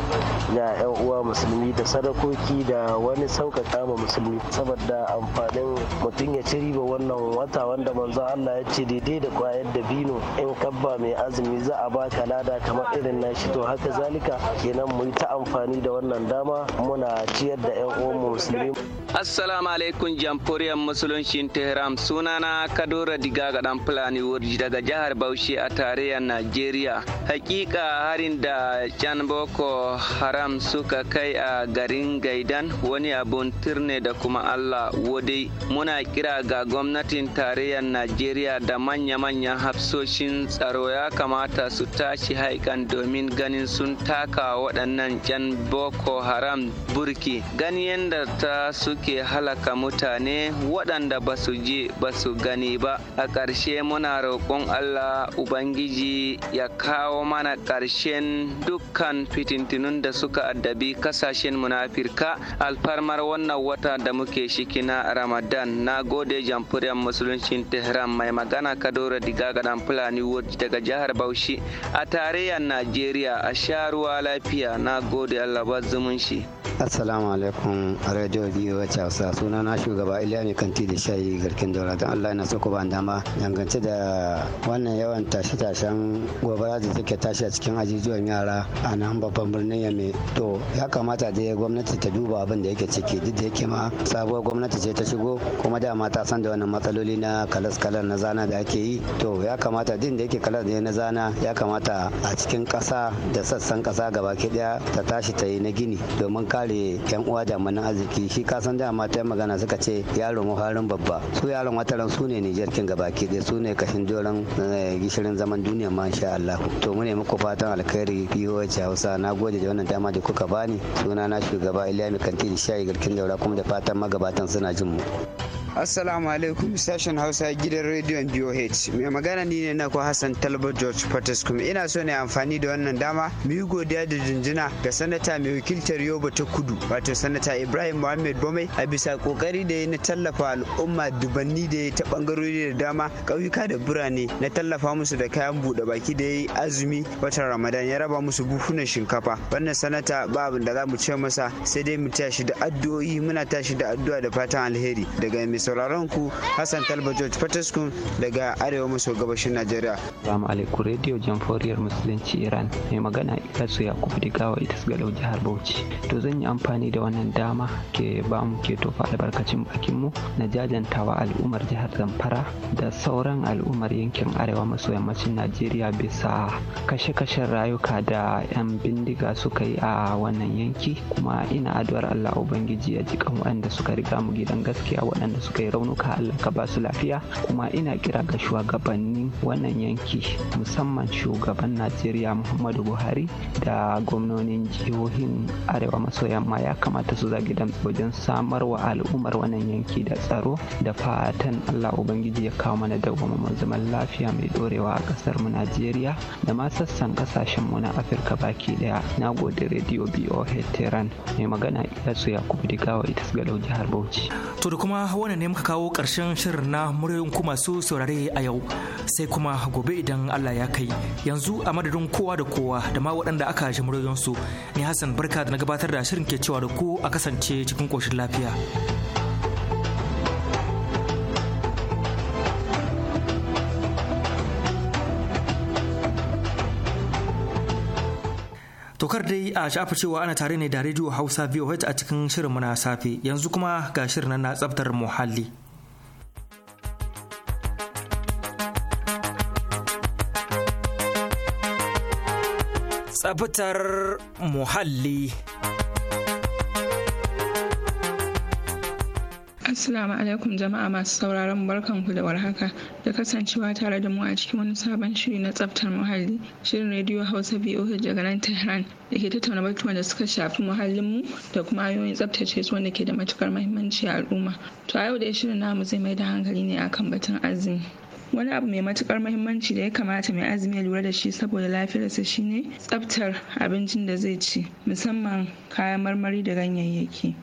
ga 'yan uwa musulmi da sadakoki da wani sauƙaƙa ma musulmi saboda amfanin mutum ya ci riba wannan wata wanda manzo Allah ya ce daidai da kwayar da bino in kabba mai azumi za a baka lada kamar irin nashi to haka zalika kenan mu ta amfani da wannan dama muna ciyar da 'yan uwa musulmi. Assalamu alaikum jamhuriyar musuluncin Tehran sunana Kadura Diga ga dan Fulani Wurji daga jihar Bauchi a tarayyar Najeriya. Hakika harin da Jan Boko Haram suka kai a garin Gaidan wani abun turne da kuma Allah wadai muna kira ga gwamnatin tarayyar Najeriya da manya-manyan hafsoshin tsaro ya kamata su tashi haikan domin ganin sun taka waɗannan jan Boko Haram burki gani yadda ta suke halaka mutane waɗanda ba su je ba su gani ba a ƙarshe muna roƙon Allah Ubangiji ya kawo mana ƙarshen dukkan fitintinun da suka addabi kasashen mu na Afirka alfarmar wannan wata da muke shiki na Ramadan na gode jamfuriyar musuluncin Tehran mai magana Kadora Diga dan Fulani wuce daga jihar Bauchi a tarayyar Najeriya a sha ruwa lafiya na gode Allah ba zumunci. assalamu alaikum radio biyu wacce hausa suna na shugaba iliya mai kanti da shayi garkin daura don allah na so ku ba dama dangance da wannan yawan tashe-tashen gobara da take tashi a cikin ajijuwan yara a nan babban birnin yame to ya kamata da gwamnati ta duba abin da yake ciki duk da yake ma sabuwar gwamnati ce ta shigo kuma da ta san da wannan matsaloli na kalas-kalas na zana da ake yi to ya kamata din da yake kalas da na zana ya kamata a cikin ƙasa da sassan ƙasa gaba daya ta tashi ta yi na gini domin kare kare yan uwa jami'an arziki shi kasan dama ta magana suka ce yaro muharin babba su yaron wataran su ne nijar kin gaba ki dai su ne kashin doron eh, gishirin zaman duniya ma insha Allah to mu ne muku fatan alkhairi POH Hausa na gode da wannan dama da kuka bani suna na shugaba ilyami Kanti shi shayi garkin daura kuma da fatan magabatan suna jin mu Assalamu alaikum sashen Hausa gidan rediyon BOH. Mai magana ni ne na ko Hassan Talba George kuma Ina so ne amfani da wannan dama mu yi godiya da jinjina ga sanata mai wakiltar Yoba ta Kudu wato sanata Ibrahim Muhammad Bome a bisa kokari da ya na tallafa al'umma dubanni da ya ta bangarori da dama kauyuka da birane na tallafa musu da kayan buɗe baki da ya yi azumi watan Ramadan ya raba musu buhunan shinkafa. Wannan sanata ba abin da za mu ce masa sai dai mu tashi da addu'o'i muna tashi da addu'a da fatan alheri daga mai sauraron ku Hassan Talba George Fataskun daga Arewa maso gabashin Najeriya. Assalamu alaikum Radio Jamhuriyar Musulunci Iran mai magana su Yakubu Digawa ita su Galau jihar Bauchi. To zan yi amfani da wannan dama ke ba mu ke tofa albarkacin bakin mu na jajantawa al'ummar jihar Zamfara da sauran al'ummar yankin Arewa maso yammacin Najeriya bisa kashe-kashen rayuka da 'yan bindiga suka yi a wannan yanki kuma ina addu'ar Allah Ubangiji ya ji kan waɗanda suka riga mu gidan gaskiya waɗanda suka suka raunuka Allah ka ba lafiya kuma ina kira ga shugabannin wannan yanki musamman shugaban Najeriya Muhammadu Buhari da gwamnonin jihohin Arewa maso yamma ya kamata su zagi dan wajen samar wa al'ummar wannan yanki da tsaro da fatan Allah Ubangiji ya kawo mana da dawwammamin zaman lafiya mai dorewa a kasar mu Najeriya da ma sassan kasashen mu na Afirka baki daya. Na gode Radio BOH Tehran mai magana Ilyasu Yakubu Digawa ita Galau jihar Bauchi. To da kuma wani wannan ne muka kawo ƙarshen shirin na muryoyin ku masu saurare a yau sai kuma gobe idan Allah ya kai yanzu a madadin kowa da kowa da ma waɗanda aka ji muryoyinsu ne Hassan barka da na gabatar da shirin ke cewa da ku a kasance cikin ƙoshin lafiya. Tokar dai a shafa cewa ana tare ne da rediyo Hausa VOH a cikin shirin na safe yanzu kuma ga shirin na tsabtar muhalli. Tsabtar muhalli. Assalamu alaikum jama'a masu sauraron barkan ku da warhaka da kasancewa tare da mu a cikin wani sabon shiri na tsaftar muhalli shirin rediyo Hausa VOH daga nan Tehran da ke tattauna batuwan da suka shafi muhallinmu da kuma hanyoyin tsaftace su wanda ke da matukar muhimmanci a al'umma. To a yau dai shirin namu zai mai da hankali ne akan batun azumi. wani abu mai matukar mahimmanci da ya kamata mai azumi ya lura da shi saboda lafiyarsa shine tsaftar abincin da zai ci musamman kayan marmari da ganyayyaki.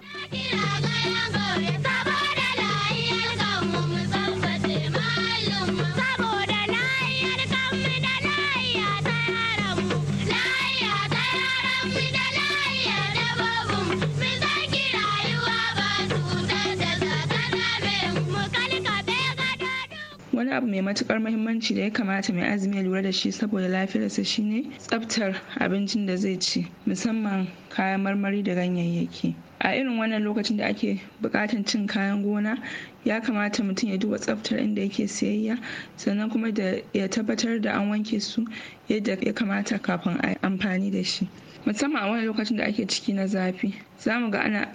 wani abu mai matukar muhimmanci da ya kamata mai azumi ya lura da shi saboda lafiyarsa shine tsaftar abincin da zai ci musamman kayan marmari da ganyayyaki a irin wannan lokacin da ake bukatan cin kayan gona ya kamata mutum ya duba tsaftar inda yake siyayya sannan kuma da ya tabbatar da an wanke su yadda ya kamata kafin a amfani da shi musamman a wani lokacin da ake ciki na zafi za mu ga ana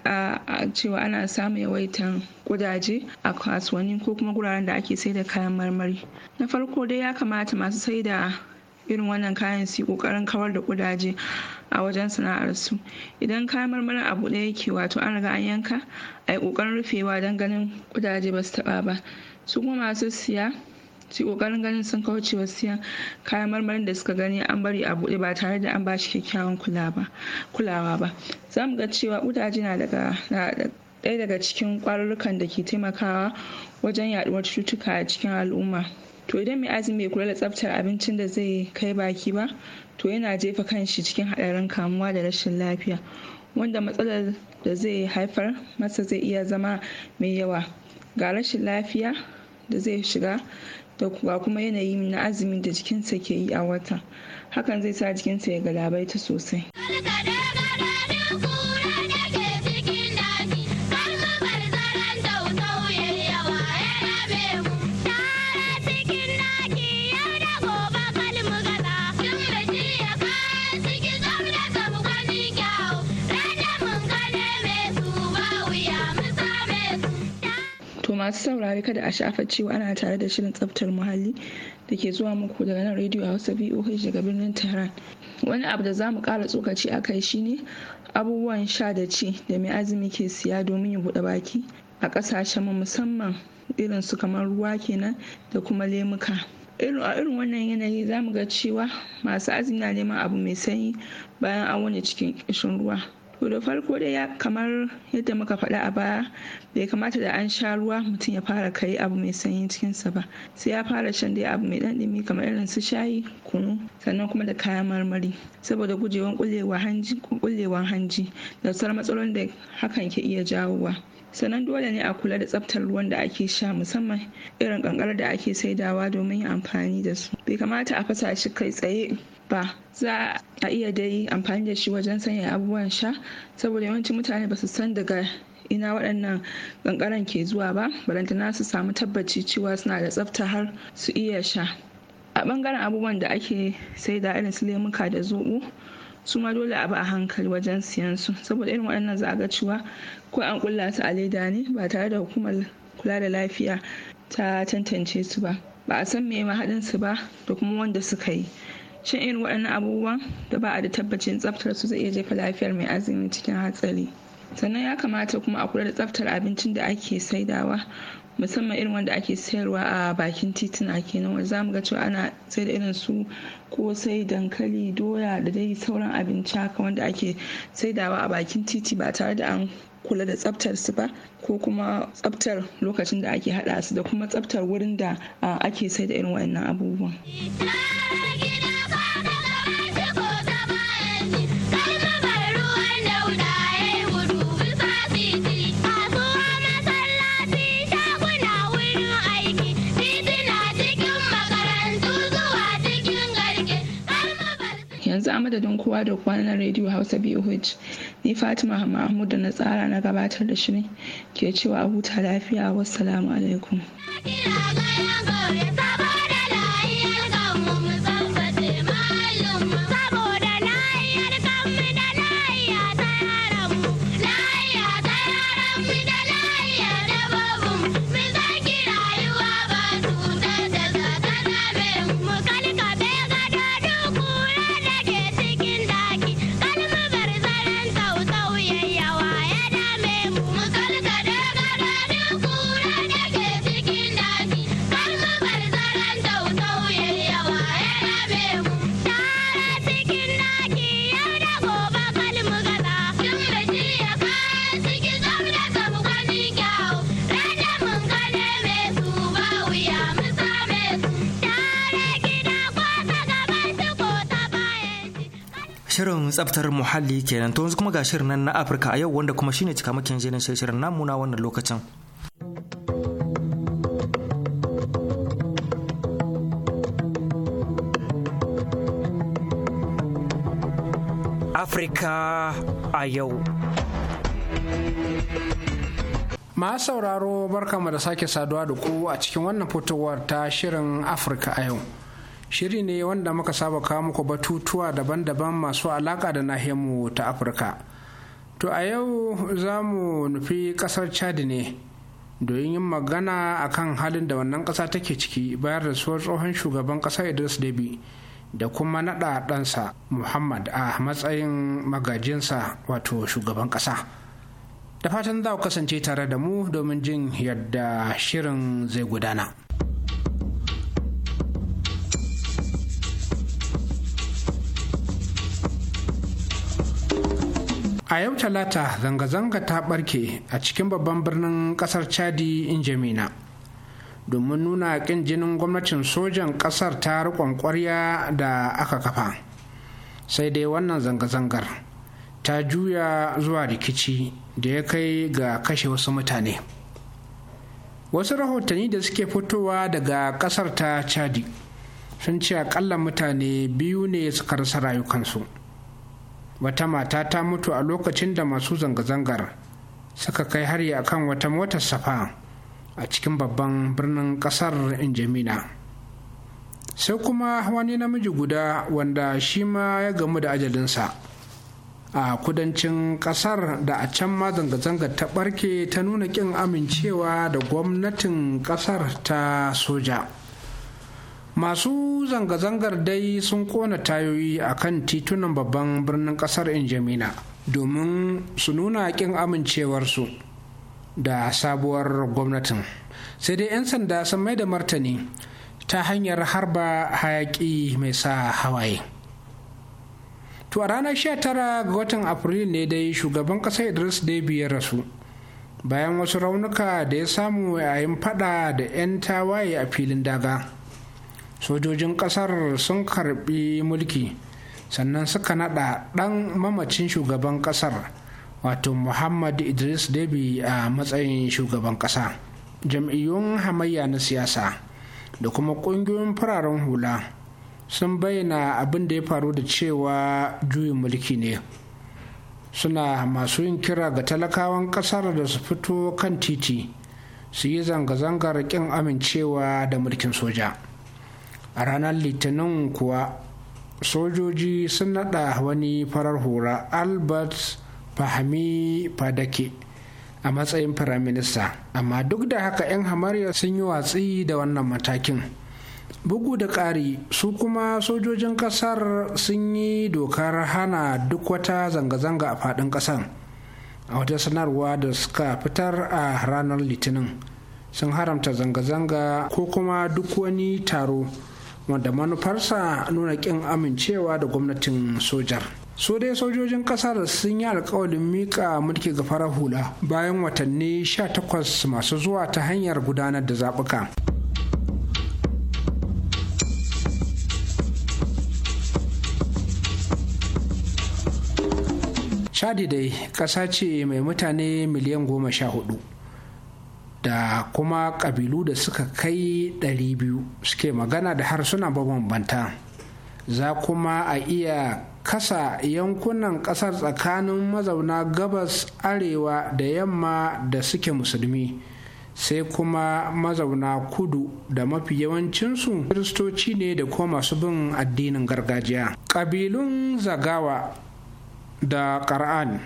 cewa ana samun yawaitan kudaje a kasuwanni ko kuma guraren da ake sai da kayan marmari na farko dai ya kamata masu saida irin wannan kayan su kokarin kawar da kudaje a wajen sana'arsu idan kayan marmarin abu ɗaya yake wato an riga an yanka a yi kokarin rufewa don ganin kudaje ba su taɓa ba su kuma masu siya ci kokarin ganin sun kauce wa siyan kayan marmarin da suka gani an bari a buɗe ba tare da an ba shi kyakkyawan kulawa ba za mu ga cewa ƙudaje na ɗaya daga cikin ƙwarurrukan da ke taimakawa wajen yaɗuwar cututtuka a cikin al'umma to idan mai azumi bai kula da tsaftar abincin da zai kai baki ba to yana jefa kanshi cikin haɗarin kamuwa da rashin lafiya wanda matsalar da zai haifar masa zai iya zama mai yawa ga rashin lafiya da zai shiga da kuwa kuma yanayi na azumin da jikinsa ke yi a wata hakan zai sa jikinsa ya galabaita sosai. masu saurari kada a shafa cewa ana tare da shirin tsaftar muhalli da ke zuwa muku daga nan rediyo hausa voh daga birnin tehran wani abu da za mu kara tsokaci a kai shine abubuwan sha da ci da mai azumi ke siya domin ya buɗe baki a ƙasashen mu musamman irin su kamar ruwa kenan da kuma lemuka irin a irin wannan yanayi za mu ga cewa masu azumi na neman abu mai sanyi bayan an wani cikin ƙishin ruwa to da farko dai ya kamar yadda muka faɗa a baya bai kamata da an sha ruwa mutum ya fara kai abu mai sanyi cikinsa ba sai ya fara shan dai abu mai ɗanɗimi kamar irin su shayi kunu sannan kuma da kayan marmari saboda gujewan kullewan hanji da sauran matsalolin da hakan ke iya jawowa sannan dole ne a kula da tsaftar ruwan da ake sha musamman irin kankarar da ake saidawa domin yin amfani da su bai kamata a fasa shi kai tsaye ba za a iya dai amfani da shi wajen sanya abubuwan sha saboda yawancin mutane ba su san daga ina waɗannan ƙanƙaran ke zuwa ba barantana su samu tabbaci cewa suna da tsafta har su iya sha a ɓangaren abubuwan da ake sai da irin su lemuka da zoɓo su ma dole abu a hankali wajen siyan su saboda irin waɗannan za a ga cewa ko an ƙulla su a leda ne ba tare da hukumar kula da lafiya ta tantance su ba ba a san me mahaɗin su ba da kuma wanda suka yi shin irin waɗannan abubuwan da ba a da tabbacin tsaftar su zai iya jefa lafiyar mai azumi cikin hatsari sannan ya kamata kuma a kula da tsaftar abincin da ake saidawa musamman irin wanda ake sayarwa a bakin a kenan wanda mu ga cewa ana sai da irin su kosai dankali doya da dai sauran abinci haka wanda ake saidawa a bakin titi ba tare da an kula da tsaftar su ba ko kuma tsaftar lokacin da ake hada su da kuma tsaftar wurin da ake sai da irin waɗannan abubuwan. yanzu a madadin kowa da kowa na rediyo hausa BOH ni fatima mahmud da na tsara na gabatar da shirin ke cewa a huta lafiya wasu alaikum tsaftar muhalli kenan to yanzu kuma ga shirin nan na Afirka a yau wanda kuma shine cikamakin jinin shirin namu na wannan lokacin. Afirka a yau. Masu sauraro barkamu da sake saduwa da ku a cikin wannan fitowar ta shirin Afirka a yau. shiri ne wanda muka saba kawo muku batutuwa daban-daban masu alaƙa da nahiyarmu ta afirka to a yau za mu nufi ƙasar chad ne domin yin magana akan halin da wannan ƙasa take ciki bayar da suwar tsohon shugaban ƙasar idris debi da kuma naɗa ɗansa muhammad a matsayin magajinsa wato shugaban ƙasa da fatan za ku kasance tare da mu domin jin yadda shirin zai gudana. a yau talata zanga-zanga ta barke a cikin babban birnin kasar chadi injamina domin nuna kin jinin gwamnatin sojan ƙasar ta riƙon ƙwarya da aka kafa sai dai wannan zanga-zangar ta juya zuwa rikici da ya kai ga kashe wasu mutane wasu rahotanni da suke fitowa daga ƙasar ta chadi sun ce akalla mutane biyu ne suka rasa rayukansu wata mata ta mutu a lokacin da masu zanga-zangar suka kai hari a kan wata motar safa a cikin babban birnin kasar injamina sai kuma wani namiji guda wanda shi ma ya gamu da ajalinsa a kudancin kasar da a can ma zanga-zangar ta barke ta nuna kin amincewa da gwamnatin kasar ta soja. masu zanga-zangar dai sun kona tayoyi a kan titunan babban birnin kasar injamina domin su nuna ƙin amincewarsu da sabuwar gwamnatin sai dai 'yan sanda sun mai da martani ta hanyar harba hayaki mai sa hawaye. To a ranar 19 ga watan Afrilu ne dai shugaban ƙasa Idris da ya rasu. Bayan wasu raunuka da ya samu yayin fada da 'yan tawaye a filin daga. sojojin kasar sun karbi mulki sannan suka nada dan mamacin shugaban kasar wato muhammad idris debi a matsayin shugaban kasa jam'iyyun hamayya na siyasa da kuma ƙungiyoyin fararen hula sun bayyana abin da ya faru da cewa juyin mulki ne suna masu yin kira ga talakawan kasar da su fito kan titi su yi zanga-zangar kin amincewa da mulkin soja a ranar litinin kuwa sojoji sun nada wani farar hura albert fahmi fadake a matsayin firaminista amma duk da haka 'yan hamariya sun yi watsi da wannan matakin bugu da ƙari su kuma sojojin ƙasar sun yi dokar hana duk wata zanga-zanga a faɗin ƙasar a wata sanarwa da suka fitar a ranar litinin sun haramta zanga-zanga ko kuma duk wani taro wanda manufarsa nuna kin amincewa da gwamnatin sojar su dai sojojin kasar sun yi alkawalin mika mulki ga farar hula bayan watanni 18 masu zuwa ta hanyar gudanar da zaɓuka. Chadi dai ƙasa ce mai mutane miliyan goma sha hudu da kuma ƙabilu da suka kai 200 suke magana da harsuna mabambanta za kuma a iya kasa yankunan ƙasar tsakanin mazauna gabas arewa da yamma da suke musulmi sai kuma mazauna kudu da mafi yawancinsu kiristoci ne da kuma masu bin addinin gargajiya ƙabilun zagawa da ƙar'an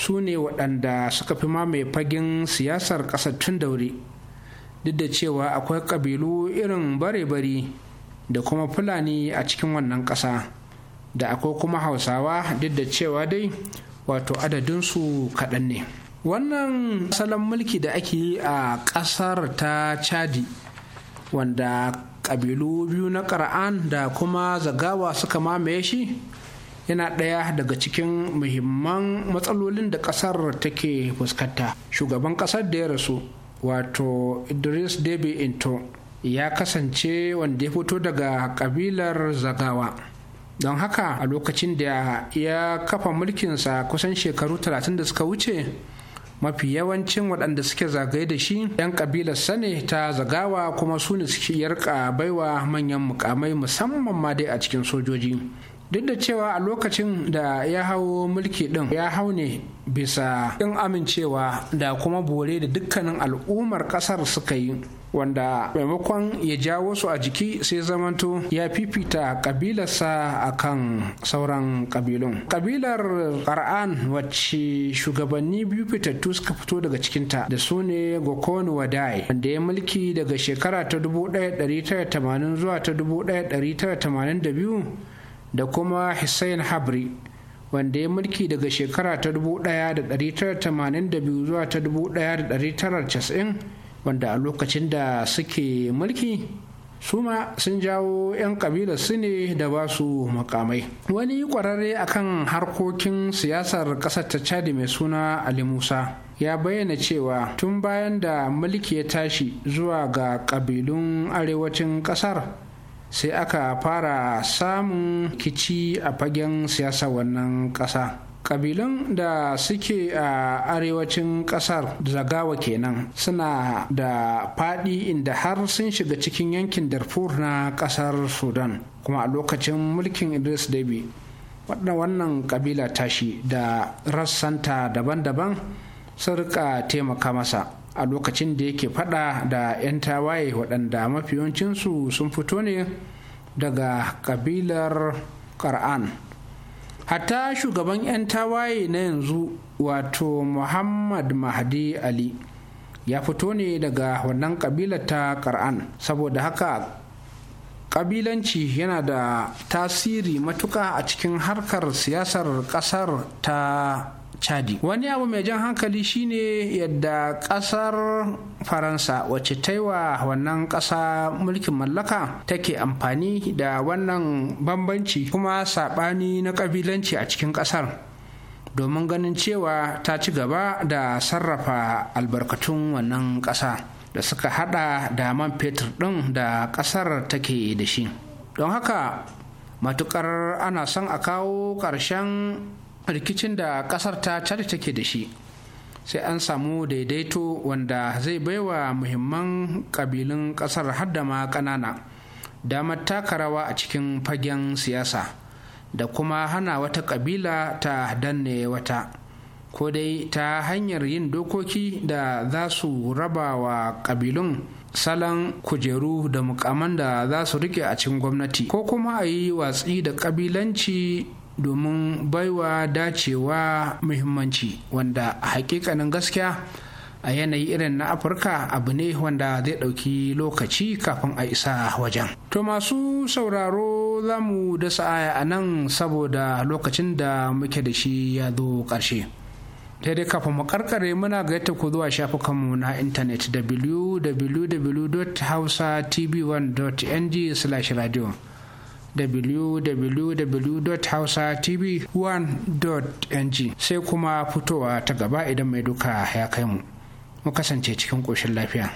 su ne waɗanda suka fi mamaye fagen siyasar ƙasar tun daure duk da cewa akwai ƙabilu irin bare-bare da kuma fulani a cikin wannan ƙasa da akwai kuma hausawa duk da cewa dai wato adadinsu kaɗan ne wannan salon mulki da ake yi a ƙasar ta chadi wanda ƙabilu biyu na ƙara'an da kuma zagawa suka mamaye shi yana ɗaya daga cikin muhimman matsalolin da ƙasar take fuskanta shugaban ƙasar da ya rasu wato idris debe into ya kasance wanda ya fito daga ƙabilar zagawa don haka a lokacin da ya kafa mulkinsa kusan shekaru 30 da suka wuce mafi yawancin waɗanda suke zagaye da shi 'yan ƙabilar sane ta zagawa kuma su ne suke yarka baiwa manyan mukamai musamman ma dai a cikin sojoji duk da cewa a lokacin da ya hau mulki ɗin ya hau ne bisa in amincewa da kuma bore da dukkanin al'ummar ƙasar suka yi wanda maimakon ya jawo su a jiki sai zamanto ya fifita kabilarsa a kan sauran kabilun kabilar ƙar'an wacce shugabanni biyu fitattu suka fito daga cikinta da su ne wa wadai wanda ya mulki daga shekara ta 1980 zuwa ta 1982 da kuma hussein habri wanda ya mulki daga shekara ta 1982 zuwa ta 1990 wanda a lokacin da suke mulki suma sun jawo 'yan kabilar su ne da ba su makamai wani kwararre akan harkokin siyasar ƙasar ta cadi mai suna ali musa ya bayyana cewa tun bayan da mulki ya tashi zuwa ga ƙabilun arewacin ƙasar sai aka fara samun kici a fagen siyasa wannan ƙasa. kabilan da suke a arewacin ƙasar zagawa kenan suna da faɗi inda har sun shiga cikin yankin darfur na ƙasar sudan kuma a lokacin mulkin idris debi wadda wannan kabila tashi da rassanta daban-daban sun rika taimaka masa a lokacin da yake fada da 'yan tawaye waɗanda mafi sun fito ne daga kabilar ƙar'an hatta shugaban 'yan tawaye na yanzu wato muhammad mahdi ali ya fito ne daga wannan kabilar ta ƙar'an saboda haka kabilanci yana da tasiri matuka a cikin harkar siyasar ƙasar ta chadi wani abu mai jan hankali shine yadda kasar faransa wacce ta yi wa wannan kasa mulkin mallaka take amfani da wannan bambanci kuma saɓani na kabilanci a cikin ƙasar domin ganin cewa ta ci gaba da sarrafa albarkatun wannan ƙasa da suka hada da man fetur ɗin da ƙasar take da shi don haka matukar ana son a kawo ƙarshen rikicin da kasar ta cari take da shi sai an samu daidaito wanda zai baiwa muhimman kabilun kasar ma kanana damar taka rawa a cikin fagen siyasa da kuma hana wata kabila ta danne wata ko dai ta hanyar yin dokoki da za su raba wa kabilun salon kujeru da mukaman da za su rike a cikin gwamnati ko kuma a yi watsi da kabilanci domin baiwa dacewa muhimmanci wanda hakikanin gaskiya a yanayi irin na afirka abu ne wanda zai ɗauki lokaci kafin a isa wajen to masu sauraro za mu dasa aya a nan saboda lokacin da muke da shi ya zo ƙarshe daidai kafin mu karkare muna gaita ku zuwa shafukanmu na intanet www.hausatv1.ng/radio www.hausatv1.ng sai kuma fitowa ta gaba idan mai duka ya kai mu. Mu kasance cikin ƙoshin lafiya.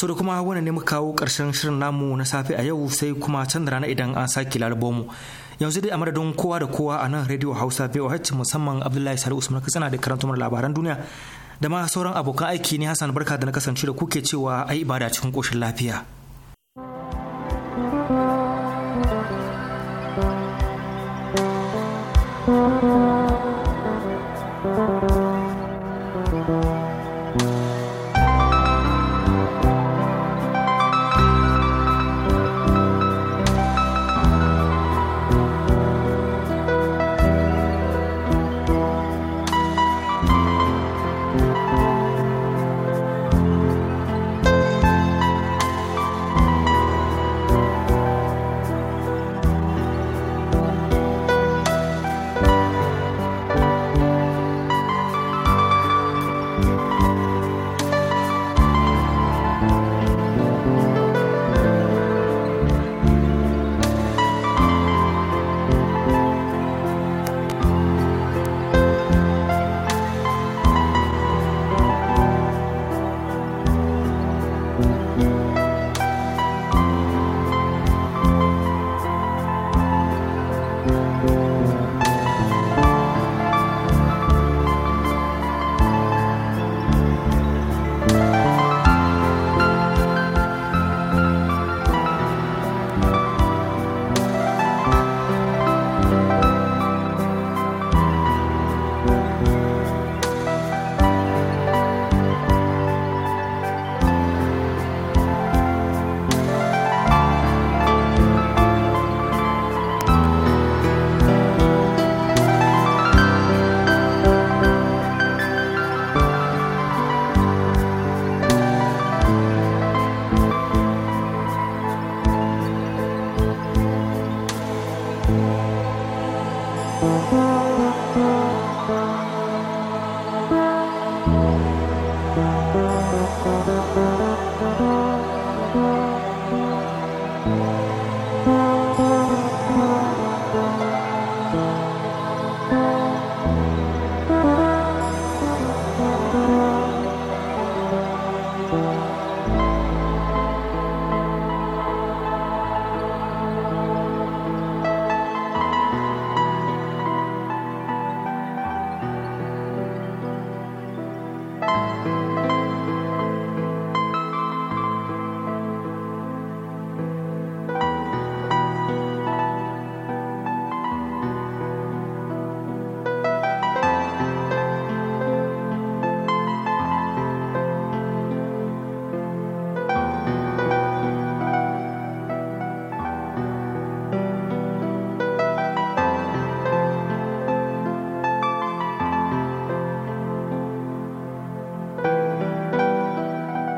To da kuma wannan ne muka kawo ƙarshen shirin namu na safe a yau sai kuma can da rana idan an sake lalubo Yanzu dai a madadin kowa da kowa a nan Radio Hausa VOH musamman Abdullahi Sari Usman Katsina da karantumar labaran duniya da ma sauran abokan aiki ne Hassan Barka da na kasance da kuke cewa ai ibada cikin koshin lafiya.